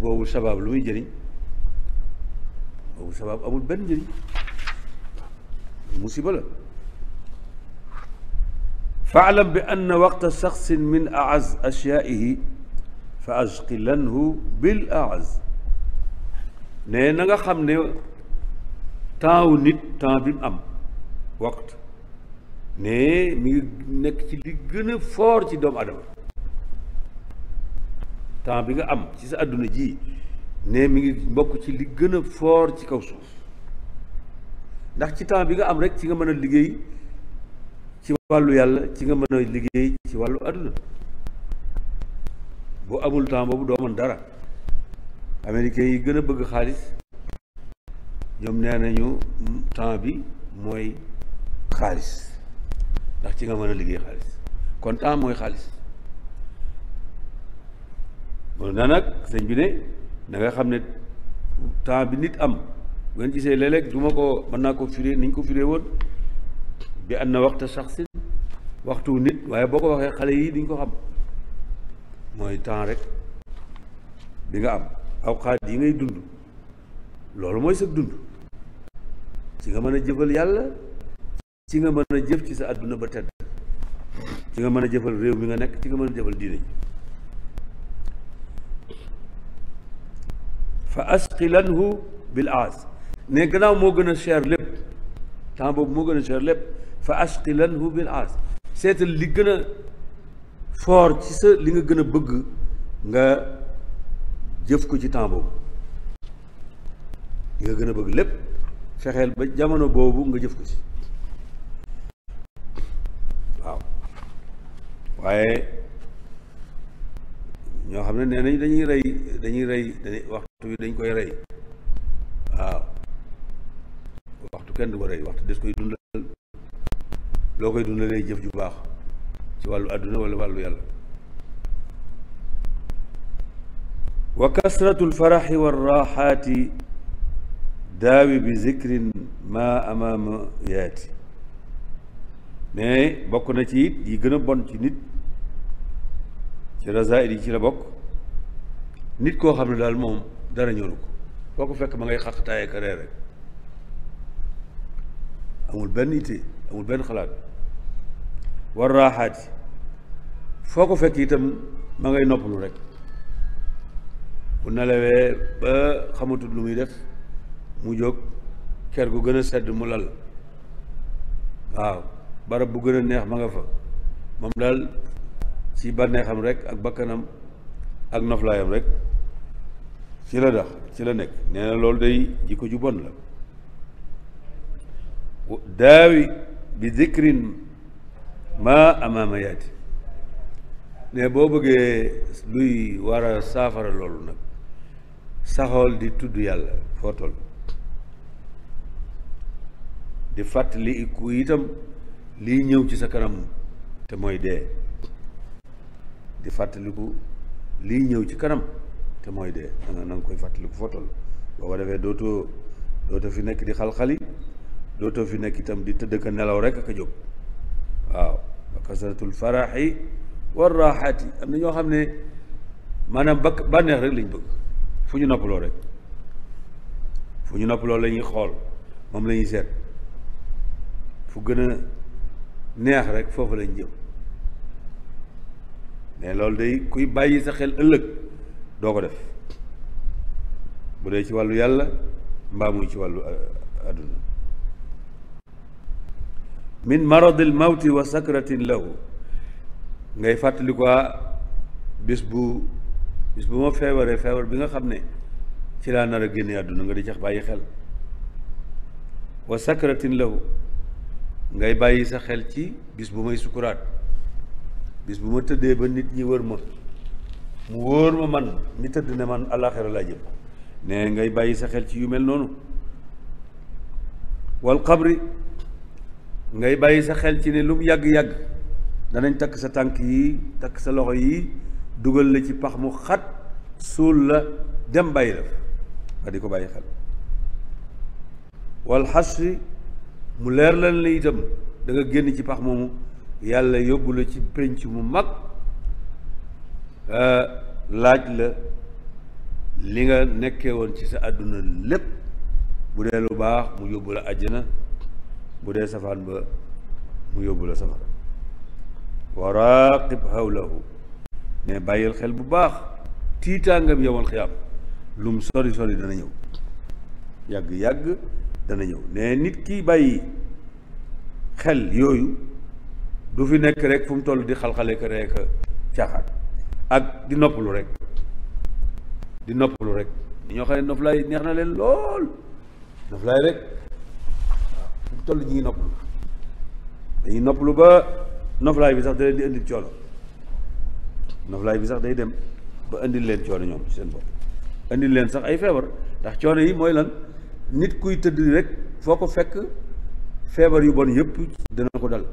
boobu sabab lu muy jëriñ boobu sabab amul benn njëriñ musiba la faalam bi anna waqta shaxsin min aaz ashyaihi fa ashqilanhu bil aaz ne na nga xam ne temps nit temps bi mu am waqt ne mi ngi nekk ci li gën a fort ci doomu adama temps bi nga am ci sa àdduna ji ne mi ngi bokk ci li gën a fort ci kaw suuf ndax ci temps bi nga am rek ci nga mën a liggéey ci wàllu yàlla ci nga mën a liggéey ci wàllu àdduna boo amul temps boobu doo mën dara américains yi gën a bëgg xaalis ñoom nee nañu temps bi mooy xaalis ndax ci nga mën liggéey xaalis kon temps mooy xaalis mun na nag sëñ bi ne da nga xam ne temps bi nit am ngeen gisee léeg-léeg du ko mën naa ko firé ni ko firé woon bi an na waxta saxsin waxtu nit waaye boo ko waxee xale yi diñ ko xam mooy temps rek bi nga am aw awqaat yi ngay dund loolu mooy sa dund ci nga mën a jëfal yàlla ci nga mën a jëf ci sa àdduna ba tedd ci nga mën a jëfal réew mi nga nekk ci nga mën a jëfal diine ji fa asqilanhu bil aas ne gannaaw moo gën a cher lépp temps boobu moo gën a cher lépp fa asqilanhu bil ars seetal li gën a foor ci sa li nga gën a bëgg nga jëf ko ci temps boobu li nga gën a bëgg lépp fexeel ba jamono boobu nga jëf ko ci waaw waaye ñoo xam ne nee dañuy rey dañuy rey dañuy waxtu dañ koy rey waaw waxtu kenn du ko rey waxtu des koy dundal loo koy dundalee jëf ju baax ci wàllu àdduna wala wàllu yàlla wa kasratu alfaraxi walraxaati daawi bi zikrin ma amaama yaati mais bokk na ci it yi gën a bon ci nit ci rasail yi ci la bokk nit koo xam ne daal moom dara ñoru ko foo ko fekk ma ngay xaqtaaye ka rek amul benn ittee amul benn xalaat war raaxaati foo ko fekk itam ma ngay noppalu rek bu nelawee ba xamatut lu muy def mu jóg ker gu gën a sedd mu lal waaw barab bu gën a neex ma nga fa moom daal ci bànneexam rek ak bakkanam ak noflaayam rek ci la dax ci la nekk nee na loolu day jikko ju bon la daawi bi dikrin ma amaama yaati ne boo bëggee luy wara a saafara loolu nag saxool di tudd yàlla foo di fàttali ku itam lii ñëw ci sa kanam te mooy dee di fàttaliku lii ñëw ci kanam te mooy dee da nga na nga koy fàttaliku foo toll boo ko defee dootoo dootoo fi nekk di xal-xali dootoo fi nekk itam di tëdd ka nelaw rek ak a jóg waaw kasaratul faraxi war raaxaati am na ñoo xam ne maanaam bakk bànneex rek lañ bëgg fu ñu noppaloo rek fu ñu noppaloo la ñuy xool moom lañuy seet fu gën a neex rek foofu lañ jëm mais loolu day kuy bàyyi sa xel ëllëg doo ko def bu dee ci wàllu yàlla mbaa muy ci wàllu àdduna euh, min maradil mawti wa sacratin lahu ngay fàttali ko bis bu bis bu ma feebaree feebar bi nga xam ne ci laa nar a génne àdduna nga di jax bàyyi xel wa sakratin lahu ngay bàyyi sa xel ci bis bu may sukuraat bis bu ma tëddee ba nit ñi wër ma mu wóor ma man mi tëdd ne man àllaaxira laa jëm ne ngay bàyyi sa xel ci yu mel noonu wal qabri ngay bàyyi sa xel ci ne lu mu yàgg-yàgg danañ takk sa tànk yi takk sa loxo yi dugal la ci pax mu xat suul la dem bàyyi la nga di ko bàyyi xel wal xasi mu leer lan la itam da nga génn ci pax moomu yàlla yóbbu la ci pénc mu mag euh, laaj la li nga nekkee woon ci sa àdduna lépp bu dee lu baax mu yóbbu la àjjana bu dee safaan ba mu yóbbu la safara wa raqib hawlahu ne bàyyil xel bu baax tiitaangam yowal xiyaam lum sori sori dana ñëw yàgg-yàgg dana ñëw ne nit ki bàyyi xel yooyu du fi nekk rek fu mu toll di xalxale ko rek caaxaan ak di noppalu rek di noppalu rek ñoo xam ne noflaay neex na leen lool noflaay rek toll ñu ngi noppalu nopp noppalu ba noflaay bi sax da leen di indil coono noflaay bi sax day dem ba indi leen coono ñoom ci seen bopp indil leen sax ay feebar ndax coono yi mooy lan nit kuy tëdd rek foo ko fekk feebar yu bon yëpp dana ko dal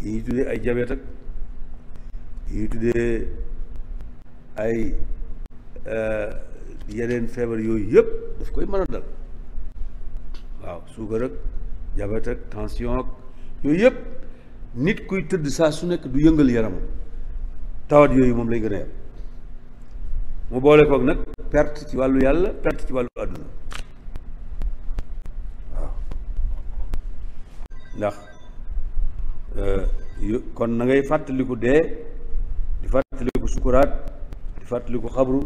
yi ñuy tuddee ay diabète ak yi ñuy tuddee ay euh, yeneen feebar yooyu yëpp daf koy mën a dal waaw suukar ak diabète ak tension ak yooyu yëpp nit kuy tëdd saa su nekk du yëngal yaramam tawat yooyu moom lay gën a yem mu boole foog nag perte ci wàllu yàlla perte ci wàllu àdduna waaw ndax euh, kon na ngay fàttaliku dee di fàttaliku sukuraat di fàttaliku xabru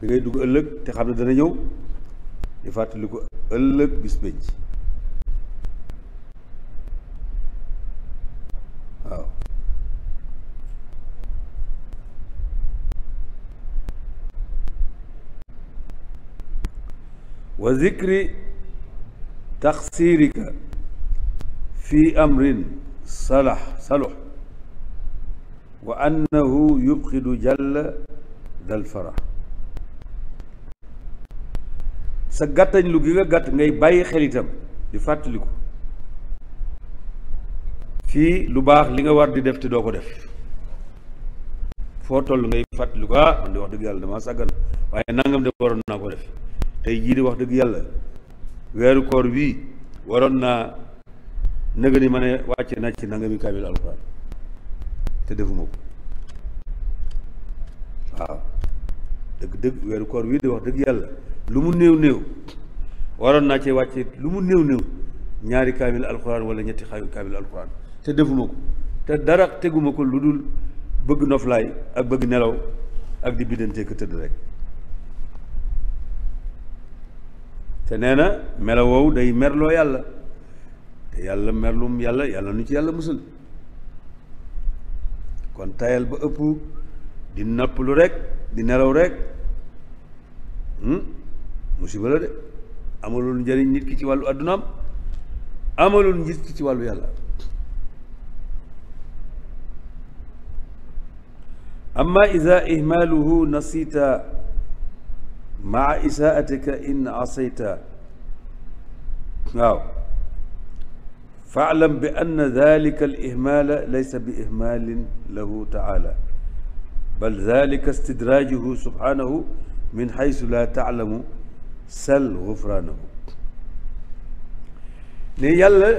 bi ngay dugg ëllëg te xam ne dana ñëw di fàttaliku ëllëg bis penc waaw wa zikri taxsirika fi amrin salax salux wa annahu yubxidu jalla dal farax sa gàttañ lu gi nga gàtt ngay bàyyi xel itam di fàttaliku fii lu baax li nga war di def te doo ko def foo toll ngay fàttaliku ah man di wax dëgg yàlla damaa sàggan waaye nangam de waroon naa ko def tey jii di wax dëgg yàlla weeru koor bii waroon naa nëga ma ne wàcce na ci nangami kaamil alxuraan te defuma ko waaw dëgg dëgg weeru koor bii di wax dëgg yàlla lu mu néew néew waroon naa cee wàcce lu mu néew néew ñaari kaamil alquran wala ñetti xaayu kaamil alquran te defuma ko te dara teguma ko lu dul bëgg noflaay ak bëgg nelaw ak di biddantee tëdd rek te nee na melo day merloo yàlla te yàlla merlum yàlla yàlla nu ci yàlla musal kon tayal ba ëpp di nappalu rek di nelaw rek hmm? musiba la de amalul njëriñ nit ki ci wàllu addunaam amalul nit ki ci wàllu yàlla amma ida ihmaaluhu nasita maa isaatika in asayta waaw faalam bi ann dalika alihmaala laysa bi ihmaalin lahu taala bal dalika istidraajuhu subhaanahu min xaysu la taalamu sel gufranehu ne yàlla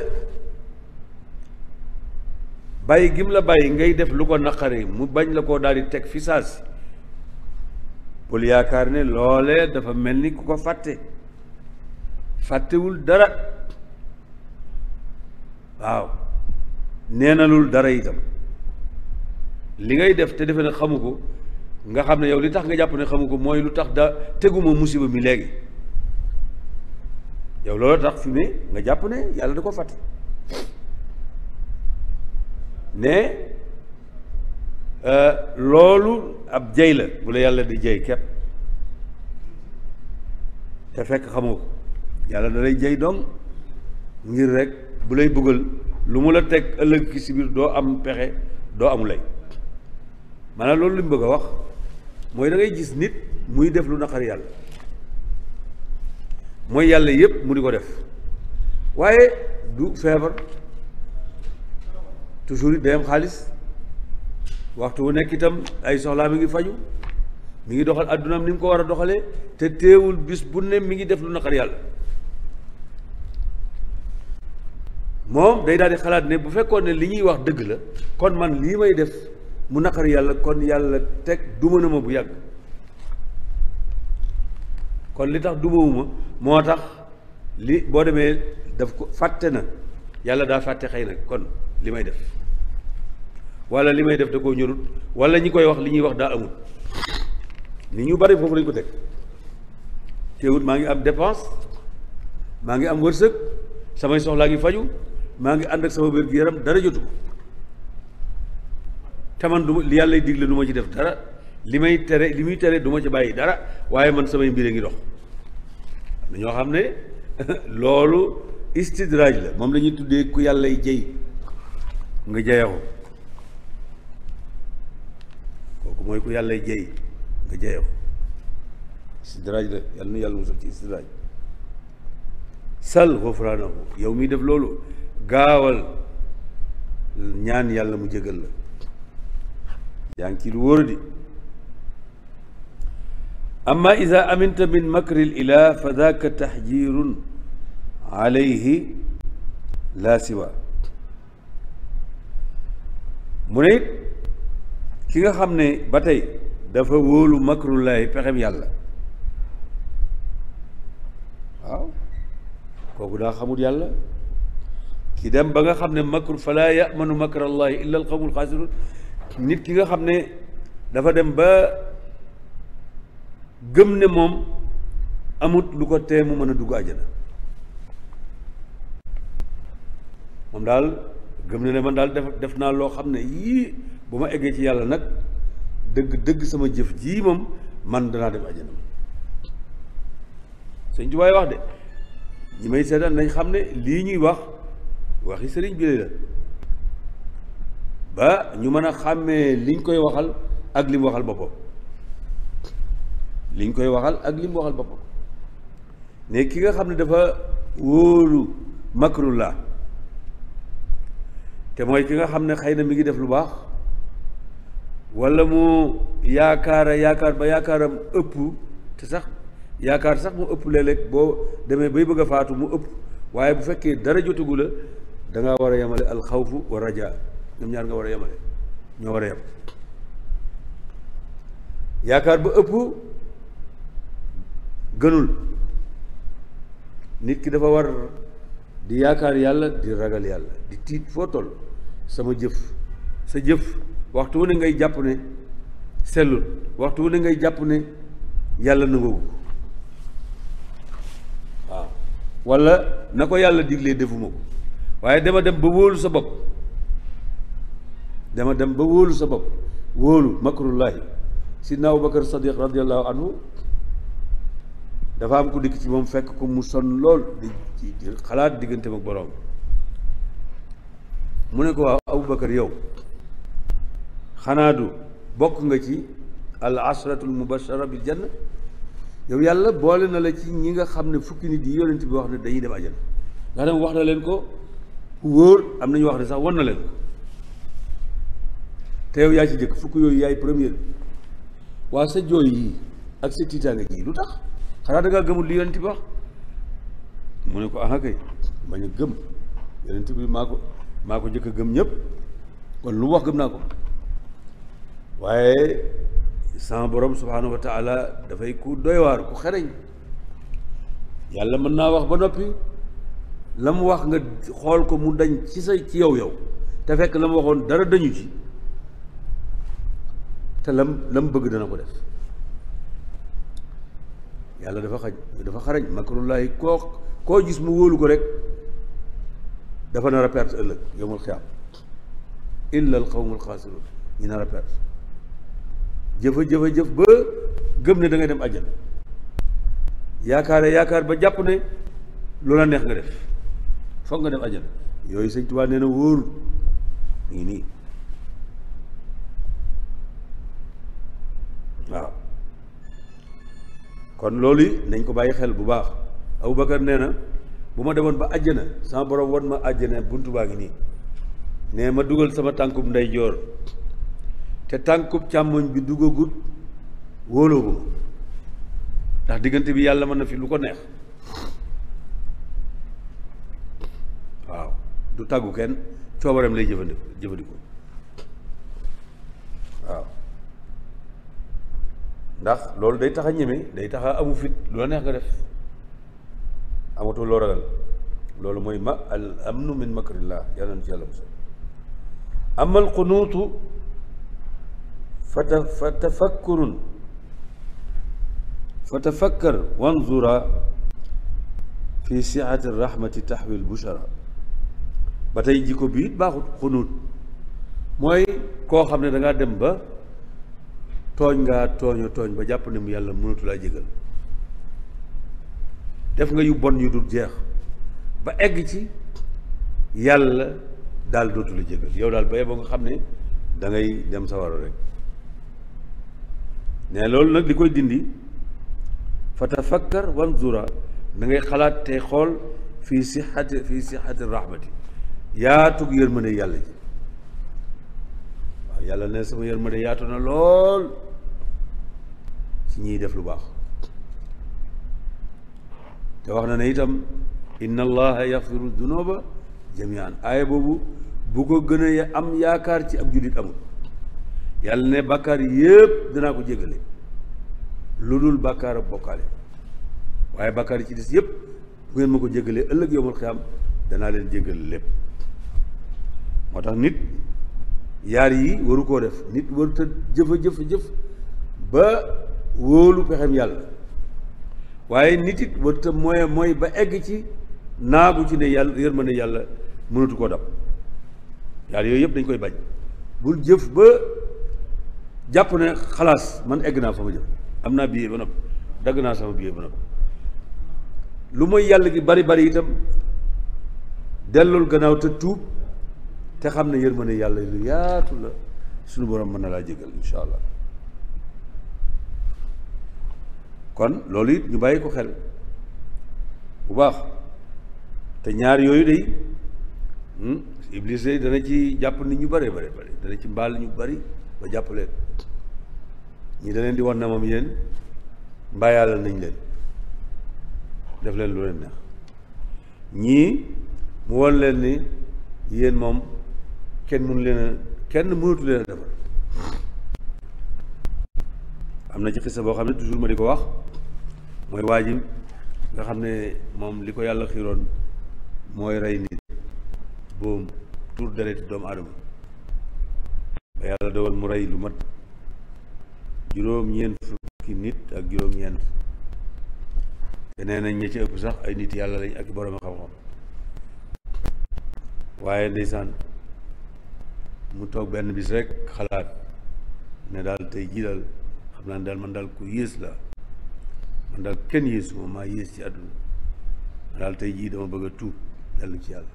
bàyyi gim la bàyyi ngay def lu ko naqari mu bañ la koo daal di teg fi bul yaakaar ne loolee dafa mel ni ku ko fàtte fàttewul dara waaw neenalul dara itam li ngay def te defe ne xamu ko nga xam ne yow li tax nga jàpp ne xamu ko mooy lu tax da teguma musiba mi léegi yow loolu tax fi mu nga jàpp ne yàlla da ko fàtte ne euh, loolu ab jay la bu la yàlla di jay kepp te fekk xamu ko yàlla dalay lay jay dong ngir rek bu lay bëggal lu mu la teg ëllëg ki si biir doo am pexe doo amu lay maanaam loolu li mu bëgg a wax mooy dangay gis nit muy def lu naqar yàlla mooy yàlla yëpp mu di ko def waaye du feebar toujours it day am xaalis waxtu wu nekk itam ay soxlaa mi ngi faju mi ngi doxal addunaam ni mu ko war a doxalee te teewul bis bu ne mi ngi def lu naqar yàlla moom day daal xalaat ne bu fekkoon ne li ñuy wax dëgg la kon man lii may def mu naqar yàlla kon yàlla teg duma na ma bu yàgg kon li tax dumawuma moo tax li boo demee daf ko fàtte na yàlla daa fàtte xëy na kon li may def walla li may def te koo ñorut wala ñi koy wax li ñuy wax daa amul ni ñu bare foofu lañu ko teg teewut maa ngi am dépense maa ngi am wërsëg samay soxlaa ngi faju maa ngi ànd ak sama wér gu yaram dara jotu ko te man du li yàlla digle du ma ci def dara li may tere li muy tere du ma ci bàyyi dara waaye man samay mbir a ngi dox dañoo xam ne loolu istidraaj la moom lañuy ñuy tuddee ku yàllay jëy nga jeyako kooku mooy ku yàllay jëy nga jeyako istidraaj la yàlla na yàlla musal ci istidraaj sal yow miy def loolu gaawal ñaan yàlla mu jégal la yaa ngi ci lu wóor amma ida aminta min makri lilah fa daka taxjirun alayhi laa siwa mu ne it ki nga xam ne ba tey dafa wóolu makrullahi pexem yàlla waaw kooku daa xamul yàlla ki dem ba nga xam ne makru falaa yamanu makrallahi illa alqawmu alxaasirun nit ki nga xam ne dafa dem ba gëm ne moom amut lu ko tee mu mën a dugg àjjana moom daal gëm na ne man daal def def naa loo xam ne yii bu ma eggee ci yàlla nag dëgg dëgg sama jëf jii moom man danaa dem àjjana moom sëñ Tuubaa wax de ñu may seetaan nañ xam ne lii ñuy wax waxi sëriñ bi la ba ñu mën a xàmmee liñ koy waxal ak li waxal boppam li ñu koy waxal ak li mu waxal boppam ne ki nga xam ne dafa wóolu makrullah te mooy ki nga xam ne xëy na mi ngi def lu baax wala mu yaakaara yaakaar ba yaakaaram ëpp te sax yaakaar sax mu ëpp léeg-léeg boo demee bay bëgg a faatu mu ëpp waaye bu fekkee dara jotagu la da ngaa war a yemale alxawfu nga war a yemale ñoo war a yem yaakaar ba ëpp gënul nit ki dafa war di yaakaar yàlla di ragal yàlla di tiit foo toll sama jëf sa jëf waxtu wu ne ngay jàpp ne sellul waxtu wu ne ngay jàpp ne yàlla nangagu waaw wala na ko yàlla digle defuma ko waaye dama dem ba wóolu sa bopp dama dem ba wóolu sa bopp wóolu makrullahi sidna Abubakar Sadiq radiallahu anhu dafa am ko dikk ci moom fekk ko mu sonn lool di xalaat diggante ak boroom mu ne ko waaw Aboubacar yow xanaa du bokk nga ci al asratul mubashara bi janna yow yàlla boole na la ci ñi nga xam ne fukki nit yi yonent bi wax ne dañuy dem ajana nga dem wax na leen ko wóor am nañu wax ne sax wan na leen te yow yaa ci jëkk fukki yooyu yaay première bi waa sa jooy yii ak sa tiitaange gi lu tax xanaa ngaa gëmul li yonent bi wax mu ne ko ah kay bañ a gëm yonent bi maa ko maa ko njëkk a gëm ñëpp kon lu wax gëm naa ko waaye sama borom subhaanahu wa taala dafay ku doy waar ku xereñ yàlla mën naa wax ba noppi la mu wax nga xool ko mu dañ ci sa ci yow yow te fekk la mu waxoon dara dañu ci te lam lam bëgg dana ko def yàlla dafa xaj dafa xarañ makrullahi koo koo gis mu wóolu ko rek dafa nar a perte ëllëg yowmul xiyaam illa al qawmul xaasiruun ñu nar perte jëfa jëfa jëf ba gëm ne dangay nga dem àjjana yaakaare yaakaar ba jàpp ne loola neex nga def foog nga dem àjjana yooyu sëñ Tuubaa nee na wóorul nii nii waaw kon loolu yi nañ ko bàyyi xel bu baax aw Aboubacar nee na bu ma demoon ba àjjana sama borom wan ma àjjana buntu baa ngi nii ne ma dugal sama tànkub ndeyjoor te tànkub càmmoñ bi dugagut wóoloobu ndax diggante bi yàlla mën na fi lu ko neex waaw du tàggu kenn coobareem lay jëfandikoo jëfandikoo ndax loolu day tax a ñeme day tax amu fit lu la neex nga def amatul loo ragal loolu mooy ma al amnu min makrillah yàlla na ci yàlla musal ama al qunuutu fa tafakkurun fa tafakkar wanzura fi siati rahmati taxwil bushara ba tey jikko bi it baaxut xunuut mooy koo xam ne dangaa dem ba tooñ ngaa tooño tooñ ba jàpp ne mu yàlla mënatu laa jégal def nga yu bon yu dul jeex ba egg ci yàlla daal dootu la jégal yow daal ba boo nga xam ne dangay dem sawaro rek ne loolu nag di koy dindi fa tafakkar wanzura da ngay xalaat tey xool fii sixati fii sixati rahmati yaatug yërmande yàlla ji yàlla ne sama yërmande yaatu na lool ci ñiy def lu baax te wax na ne itam inna allaha yaxfiru dunuba jamian aaya boobu bu ko gën a am yaakaar ci ab jullit amul yàlla ne bàkkaar yépp danaa ko jégale lu dul bàkkaar ak bokkaale waaye bàkkaar yi ci des yépp bu ngeen ma ko jégalee ëllëg yowmal xiyaam danaa leen jégal lépp moo tax nit yaar yi waru koo def nit waruta jëfa jëfa jëf ba wóolu pexem yàlla waaye nit it wërta mooy mooy ba egg ci naagu ci ne yàlla yërmande yàlla mënatu koo dab yàlla yooyu yëpp dañ koy bañ bul jëf ba jàpp ne xalaas man egg naa fa ma jëf am naa billet ba noppi dagg naa sama billet ba noppi lu mooy yàlla gi bari bari itam dellul gannaaw te tuub te xam ne yërmande yàlla lu yaatu la sunu borom mën na laa jégal incha allah kon loolu it ñu bàyyi ko xel bu baax te ñaar yooyu day hmm, iblis dana ci jàpp nit ñu bare bare bare dana ci mbaal ñu bari ba jàpp leen ñi da di wan na moom yéen mbaayalal nañ leen def leen lu leen neex ñii mu wan leen ni yéen moom kenn mënu leen kenn mënatu leen a defar am na ci xisa boo xam ne toujours ma di ko wax mooy waa ji nga xam ne moom li ko yàlla xiiroon mooy rey nit boom tuur dereti doomu aadama ba yàlla dogal mu rey lu mat juróom-ñeent fukki nit ak juróom-ñeent te nee nañ ña ci ëpp sax ay nit yàlla lañ ak boroomu xam-xam waaye ndeysaan mu toog benn bis rek xalaat ne daal tey jii xam naa ne daal man daal ku yées la man daal kenn yéesu ma maa yées ci àdduna ma daal tey jii dama bëgg a tuub dellu ci yàlla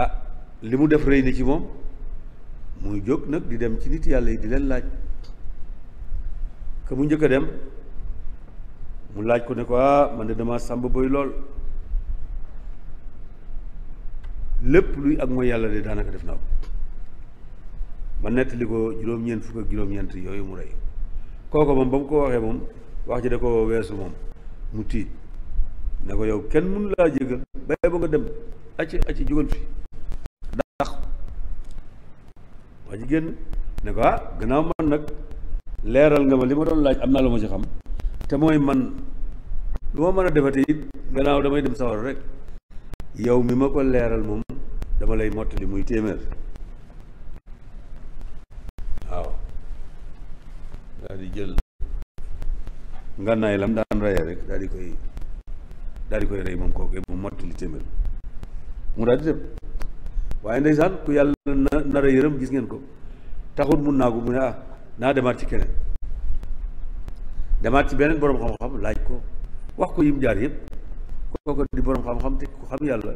ah li mu def rëy na ci moom muy jóg nag di dem ci nit yàlla yi di leen laaj que mu njëkk a dem mu laaj ko ne ko ah man de dama sàmb boy lool lépp luy ak mooy yàlla de daanaka def naa ko ma nettali ko juróom-ñeent fukk ak juróom-ñeent yooyu mu rey kooku moom ba mu ko waxee moom wax ji da ko weesu moom mu tiit ne ko yow kenn mënu laa jégal bay ba nga dem acc acc jógal fi ndax waa ji génn ne ko ah gannaaw man nag leeral nga ma li ma doon laaj am naa lu ma ci xam te mooy man lu ma mën a defate it gannaaw damay dem sawar rek yow mi ma ko leeral moom dama lay mott li muy téeméer jël ngànnaay lam daan reyee rek daal di koy daal di koy rey moom kooku mu mottali téeméer mu daal di dem waaye ndeysaan ku yàlla na nar yërëm gis ngeen ko taxul mun naa ko mu ne ah naa demaat ci keneen demaat ci beneen borom xam-xam laaj ko wax ko yim jaar yëpp kooku di borom xam-xam te ku xam yàlla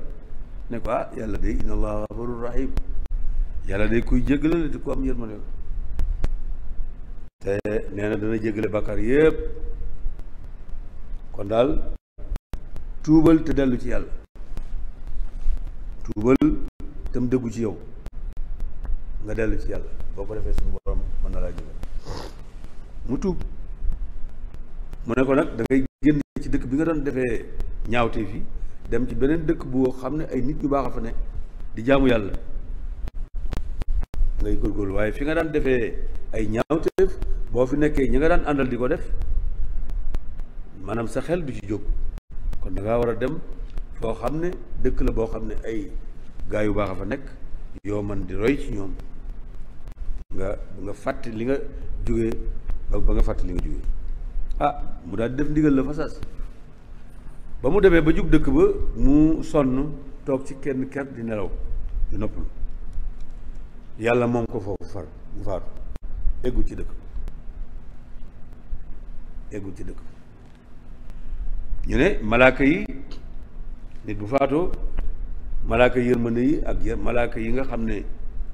ne ah yàlla day inna allaha gafurur rahim yàlla day kuy jéggal la te ku am yërmande te nee na dana jéggale bàkkaar yépp kon daal tuubal te dellu ci yàlla tuubal tam dëggu ci yow nga dellu ci yàlla boo ko defee suñu borom mën na laa jégal mu tuub mu ne ko nag da ngay génn ci dëkk bi nga doon defee ñaawtee fi dem ci beneen dëkk boo xam ne ay nit ñu baax a fa ne di jaamu yàlla ngay góorgóorlu waaye fi nga daan defee ay ñaawteef boo fi nekkee ñu nga daan àndal di ko def maanaam sa xel du ci jóg kon da ngaa war a dem foo xam ne dëkk la boo xam ne ay gaa yu baax a fa nekk yoo man di roy ci ñoom nga nga fàtte li nga jóge ba nga fàtte li nga jógee ah mu daal di def ndigal la fa saas ba mu demee ba jug dëkk ba mu sonn toog ci kenn ker di nelaw di noppalu yàlla moom ko foofu far mu faatu eggul ci dëkk eggul ci dëkk ñu ne malaaka yi nit bu faatoo malaaka yërmande yi ak malaaka yi nga xam ne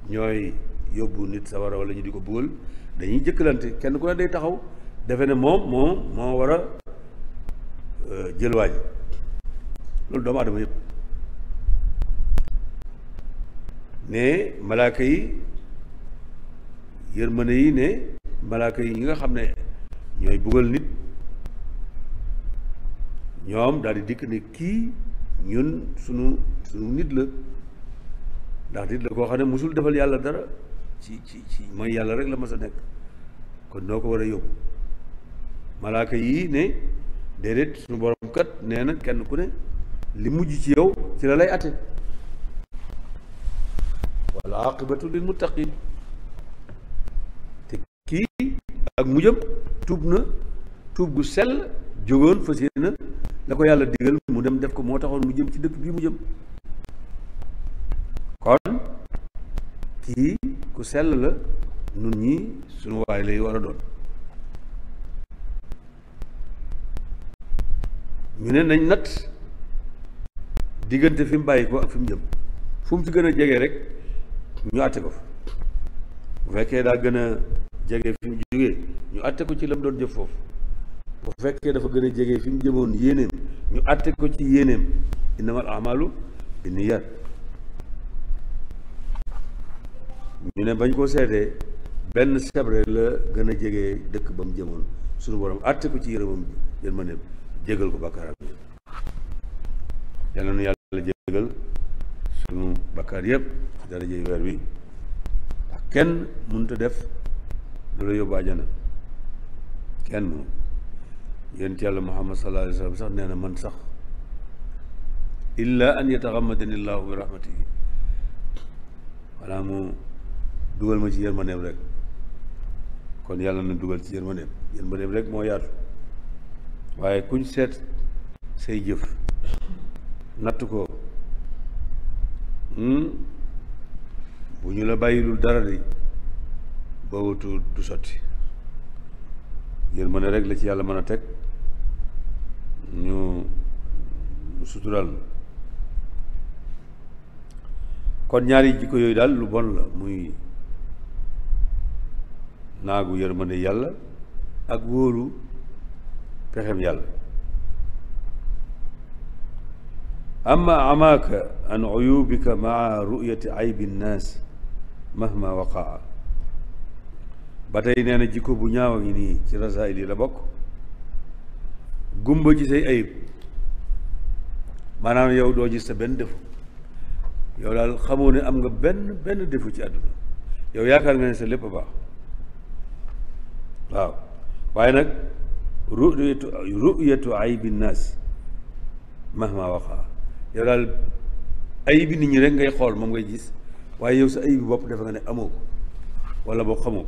ñooy yóbbu nit sawara wala ñu di ko buggal dañuy jëkkalante kenn ku ne day taxaw defe ne moom moom moo war a euh, jël waaj loolu doomu adama yëpp ne malaaka yi yërmande yi ne malaaka yi nga xam ne ñooy buggal nit ñoom daal di dikk ni kii ñun sunu sunu nit la ndax nit la koo xam ne mosul defal yàlla dara ci ci ci mooy yàlla rek la mas a nekk kon noo ko war a yóbbu malaaka yi ne déedéet sunu borom kat nee na kenn ku ne li mujj ci yow ci la lay ate wala aqibatu lil muttaqin kii ak mujjam tuub na tuub gu sell jógoon fas yéene la ko yàlla digal mu dem def ko moo taxoon mu jëm ci dëkk bii mu jëm kon kii ku sell la nun ñi suñu waay lay war a doon ñu ne nañ natt diggante fi mu bàyyi ko ak fi mu jëm fu mu fi gën a jege rek ñu àtte ko fa bu fekkee daa gën a jege fi mu jógee ñu atte ko ci la mu doon jëf foofu bu fekkee dafa gën a jege fi mu jëmoon yéeneem ñu atte ko ci yéeneem innamal amalu binniyat ñu ne bañ koo seetee benn sebre la gën a jege dëkk ba mu jëmoon sunu borom atte ko ci yërëmam jën ma ne jégal ko bàkkaaram yëpp la na nu yàlla jégal suñu bakkaar yëpp dara jëy weer bi ndax kenn mënut a def du la yóbbu àjjana kenn mënu yonent yàlla muhammad sallallahu alayhi wasallam sax nee na man sax illaa an yataxammadani llahu bi rahmatihi maanaam mu dugal ma ci yërmandeem rek kon yàlla na dugal ci yërmandeem yërmandeem rek moo yaatu waaye kuñ seet say jëf natt ko hmm, bu ñu la bàyyilul dara de boobu tu du sotti yërmande rek la ci yàlla mën a teg ñu sutural kon ñaari jikko yooyu daal lu bon la muy naagu yërmande yàlla ak wóolu pexem yàlla amma amaaka an uyubika maa ruyati aybi nnaas mahma waqaa ba tey nee na jikko bu ñaaw a ngi nii ci rasaayil yi la bokk gumba ci say ayib maanaam yow doo gis sa benn defu xamoo ne am nga benn benn defu ci àdduna yow yaakaar nga ne sa lépp a baax waaw waaye nag ruyatu ruyatu ayibi naas mahma waxaa yow daal ayibi nit ñi rek ngay xool moom ngay gis waaye yow sa ayibi bopp defe nga ne amoo ko wala boo xamoo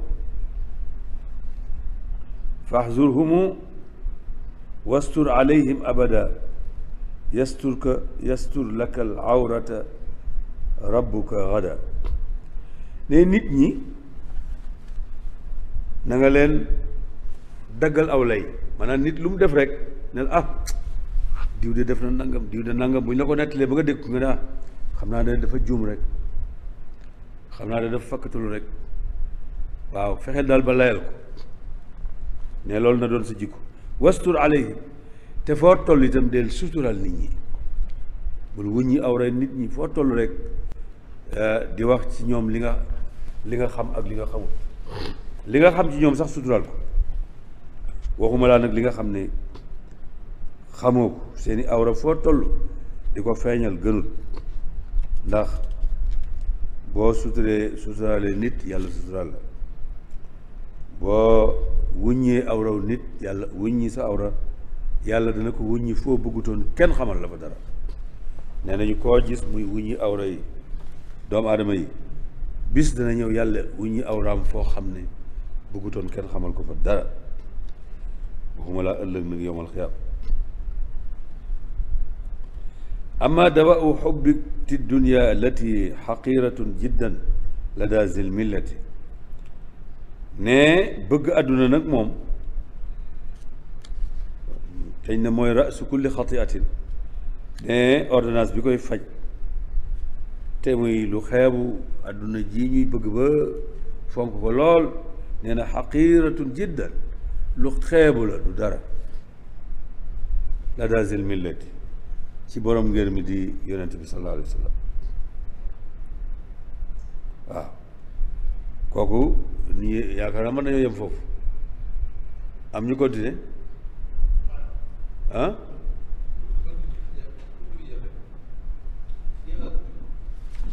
fahzurhumu wastur alayhim abada yasturka yastur laka al awrata rabbuka gada ne nit ñi na nga leen daggal aw lay maanaam nit lu mu def rek nel ah diw de def na nangam diw de nangam bu ñu la ko nettalee ba nga dégg nga ne ah xam naa ne dafa juum rek xam naa ne dafa fakkatalu rek waaw fexeel daal ba layal ko ne loolu na doon sa jikko wastur alayhim te foo toll itam del sutural nit ñi bul wuññi awra nit ñi foo toll rek eh, di wax ci ñoom li nga li nga xam ak li nga xamul li nga xam ci ñoom sax sutural ko waxuma laa nag li nga xam ne xamoo ko seeni awra foo toll di ko feeñal gënul ndax boo suturee suturalee nit yàlla suturaal la boo wuññee awraw nit yàlla wuññi sa awra yàlla dina ko wuññi foo bëggutoon kenn xamal la fa dara nee nañu koo gis muy wuññi awra yi doomu aadama yi bis dana ñëw yàlla wuññi awraam foo xam ne bëggutoon kenn xamal ko fa dara waxuma laa ëllëg nag yowmal xiyaam amma dawa u xubbik ti dunya allati xaqiratun la daa zil ne bëgg àdduna nag moom dañ na mooy rasu kulli xatiatin ne ordonnance bi koy faj te muy lu xeebu àdduna ji ñuy bëgg ba fonk ko lool nee na xaqiratun jiddan lu xeebu la du dara la dazil millati ci borom ngër mi di yonent bi sallallahu alayhi wa sallam waaw kooku nii yaakaar naa mën nañoo yem foofu am ñu continuer ah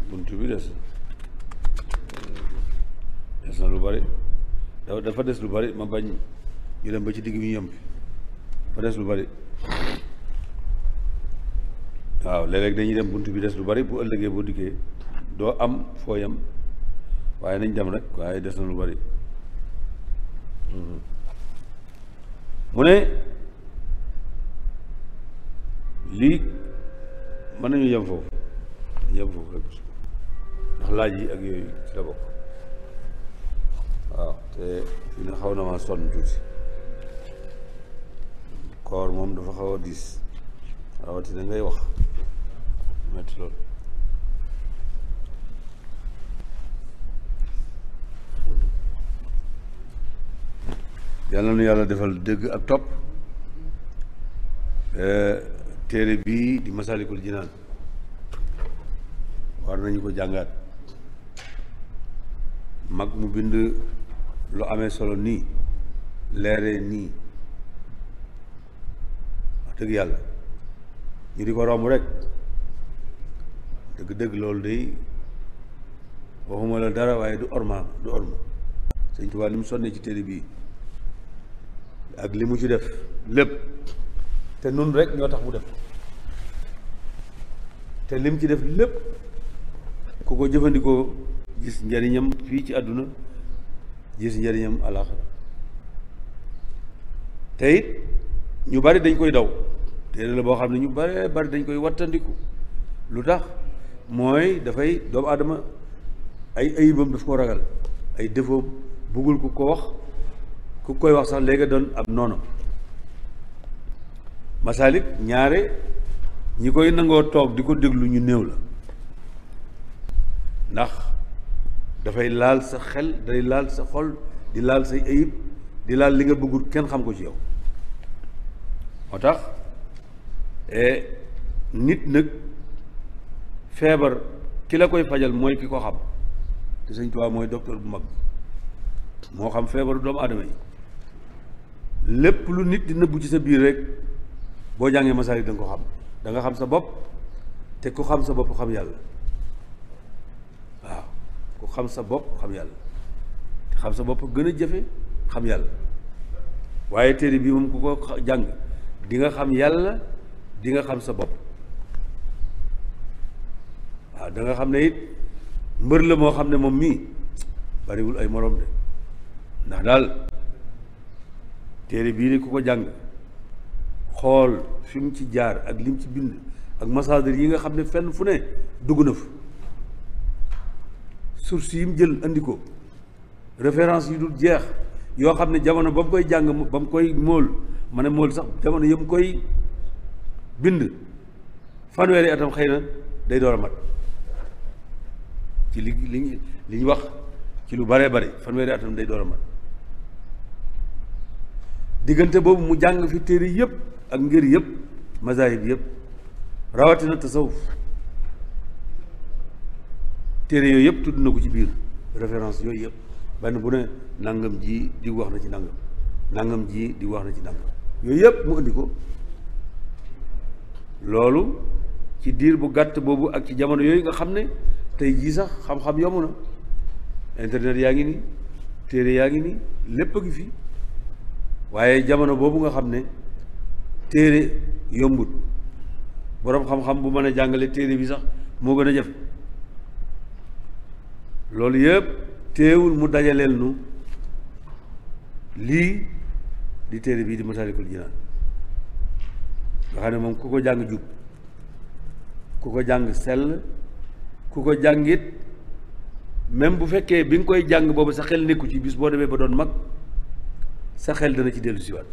buntu bi des des na lu bari dafa des lu bari ma bañ ñu ba ci digg bi yam yem dafa des lu bari waaw léeg-léeg dañuy dem bunt bi des lu bari bu ëllëgee boo dikkee doo am foo yem waaye nañ dem rek waaye des na lu bari mu ne lii mën nañu yem foofu yem foofu rek ndax laaj yi ak yooyu ci la bokk waaw te fi xaw na maa sonn tuuti koor moom dafa xaw a diis rawatina ngay wax metti loolu yàlla na yàlla defal dëgg ak topp eh, téere bii di Masaalikul Jinaan war nañu ko jàngaat mag mu bind lu amee solo nii leeree nii wax dëgg yàlla ñu di ko romb rek dëgg-dëgg loolu day waxuma la dara waaye du orma du orma Sëñ Tuubaa ni mu sonnee ci téere bii ak li mu ci def lépp te nun rek ñoo tax mu def te lim ci def lépp ku ko jëfandikoo gis njariñam fii ci àdduna gis njariñam alaaxira te ñu bari dañ koy daw téere la boo xam ne ñu bare bari dañ koy wattandiku lu tax mooy dafay doomu aadama ay ayibam daf ko ragal ay defoom buggul ku ko wax ku koy wax sax léegi doon ab noonu masaalik ñaare ñi koy nangoo toog di ko déglu ñu néew la ndax dafay laal sa xel day laal sa xol di laal say ayib di laal li nga bëggul kenn xam ko ci yow moo tax e, nit nag feebar ki la koy fajal mooy ki ko xam te Sëñ Tuubaa mooy docteur bu mag moo xam feebaru doomu aadama yi lépp lu nit di nëbbu ci sa biir rek boo jàngee masaalik da nga ko xam da nga xam sa bopp te ku xam sa bopp xam yàlla waaw ku xam sa bopp xam yàlla te xam sa bopp gën a jëfe xam yàlla waaye téere bi moom ku jàng di nga xam yàlla di nga xam sa bopp waaw da xam ne it mbër la moo xam ne moom mii bariwul ay morom de ndax daal téere bii ni ku ko jàng xool fi mu ci jaar ak lim ci bind ak masaadir yi nga xam ne fenn fu ne dugg na fa source yi mu jël andi ko référence yi du jeex yoo xam ne jamono ba mu koy jàng ba mu koy mool ma ne mool sax jamono yëpp koy bind fanweeri atam xëy na day door a mat ci li li li ñu wax ci lu bare bare fanweeri atam day door a mat diggante boobu mu jàng fi téere yëpp ak ngir yëpp mazahib yëpp rawatina tasawuf téere yooyu yëpp tudd na ko ci biir référence yooyu yëpp benn bu ne nangam ji di wax na ci nangam nangam ji wax na ci nangam yooyu yëpp mu indi ko loolu ci diir bu gàtt boobu ak ci jamono yooyu nga xam ne tey jii sax xam-xam yomb na internet yaa ngi nii téere yaa ngi nii lépp a ngi fi waaye jamono boobu nga xam ne téere yombut boroom xam-xam bu mën a jàngale téere bi sax moo gën a jëf loolu yëpp téewul mu dajaleel nu lii di téere bii di Masaalikul Jinaan nga xam ne moom ku ko jàng jub ku ko jàng sell ku ko jàngit même bu fekkee bi nga koy jàng boobu sa xel nekku ci bis boo demee ba doon mag sa xel dana ci dellu siwaat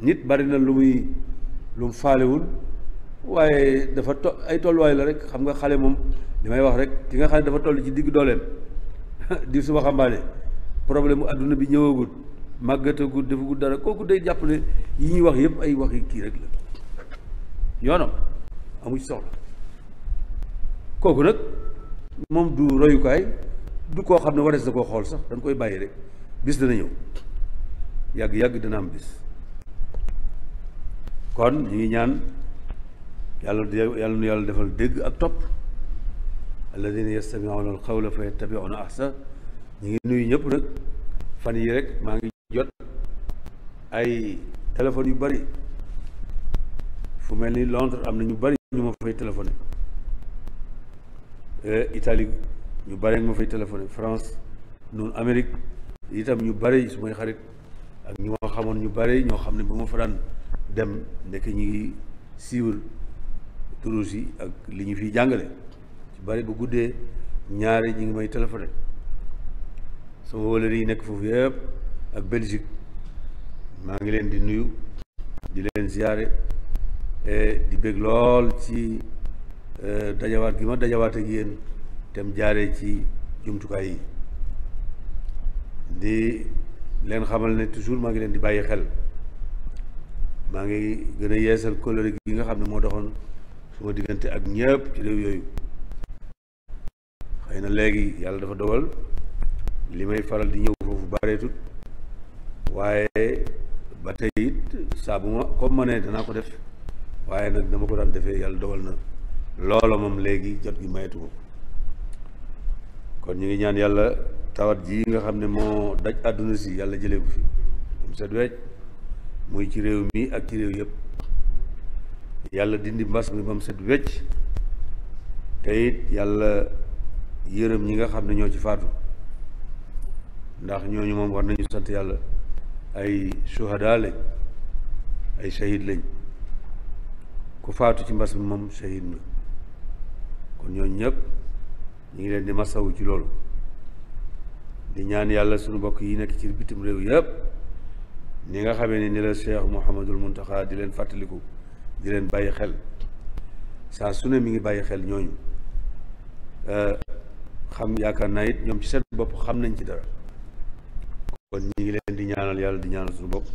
nit bari na lu muy lu mu faalewul waaye dafa to ay tolluwaay la rek xam nga xale moom li may wax rek ki nga xam ne dafa toll ci diggu dooleem [LAUGHS] di su waxambaane problème mu àdduna bi ñëwagul màggatagul defagul dara kooku day jàpp ne yi ñuy wax yëpp ay waxi kii rek la yoonam amu ci soxla kooku nag moom du royukaay du koo xam ne warees na koo xool sax dañ koy bàyyi rek bis dana ñëw yàgg-yàgg dana am bis kon ñu ngi ñaan yàlla yàlla nu yàlla defal dégg ak topp alladina yastamiuna alqawla fa yattabiuna ahsa ñu ngi nuyu ñëpp nag fan yi rek maa ngi jot ay téléphone yu bari fu mel ni Londres am na ñu bari ñu ma fay téléphoné eh, Italie ñu bari ma fay téléphoné France noonu Amérique itam ñu bari su may xarit ak ñoo xamoon ñu bari ñoo xam ne bu ma fanaan dem ndekk ñu ngi suivre turus yi ak li ñu fiy jàngale ci bari bu guddee ñaari ñi ngi may téléphoné sama wëlër yi nekk foofu yëpp ak Belgique maa ngi leen di nuyu di leen ziyaare e di bég lool ci e dajawaat gi ma dajawaat ak yéen tem jaaree ci jumtukaay yi di leen xamal ne toujours maa ngi leen di bàyyi xel maa ngi gën a yeesal kóllëre gi nga xam ne moo doxoon suma diggante ak ñëpp ci yooyu xëy na léegi yàlla dafa dogal li may faral di ñëw foofu baareetut waaye ba tey it saa bu ma comme ma ne danaa ko def waaye nag dama ko daan defee yàlla dogal na loola moom léegi jot gi mayetu kon ñu ngi ñaan yàlla tawat ji nga xam ne moo daj àdduna si yàlla jëlee bu fi moom set wecc muy ci réew mi ak ci réew yëpp yàlla dindi mbas mi moom set wecc te yàlla yërëm ñi nga xam ne ñoo ci faatu ndax ñooñu moom war nañu sant yàlla ay suhadaa lañ ay shahid lañ ku faatu ci mbas mi moom shahid na kon ñooñ ñëpp ñu ngi leen di masawu ci loolu di ñaan yàlla suñu mbokk yi nekk ci bitim réew yëpp ni nga xamee ni ni la Cheikh Mouhamadul Muntaxa di leen fàttaliku di leen bàyyi xel saa su ne mi ngi bàyyi xel ñooñu xam yaakaar naa it ñoom ci seen bopp xam nañ ci dara kon ñi ngi leen di ñaanal yàlla di ñaanal suñu bopp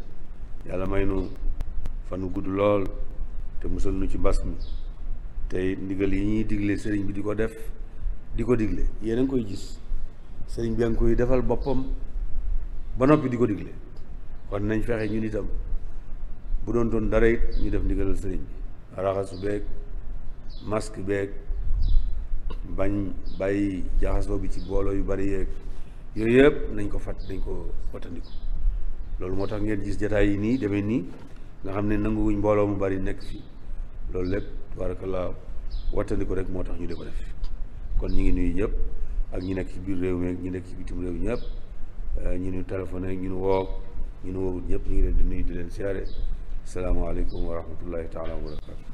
yàlla may nu fanu gudd lool te musal nu ci mbas mi te ndigal yi ñuy digle sëriñ bi di ko def di ko digle yeneen koy gis sëriñ bi a ngi koy defal boppam ba noppi di ko digle kon nañ fexe ñun itam bu doon doon dara it ñu def ndigalal sëriñ bi raxasu beeg masque beeg bañ bàyyi jaxasoo bi ci mbooloo yu bari yeeg yooyu yëpp nañ ko fat dañ ko wattandiku loolu moo tax ngeen gis jataay yi nii demee nii nga xam ne nanguwuñ mbooloo mu bari nekk fi loolu lépp tabarakallah wattandiku rek moo tax ñu di ko def kon ñu ngi nuyu ñëpp ak ñi nekk ci biir réew mi ak ñi nekk ci bitim réew ñëpp eh, ñu nu téléphoné ñu nu woo ñu nu woowut ñëpp ñu ngi leen di nuyu di leen siyaare salaamaaleykum wa rahmatullahi taala wa barakaatu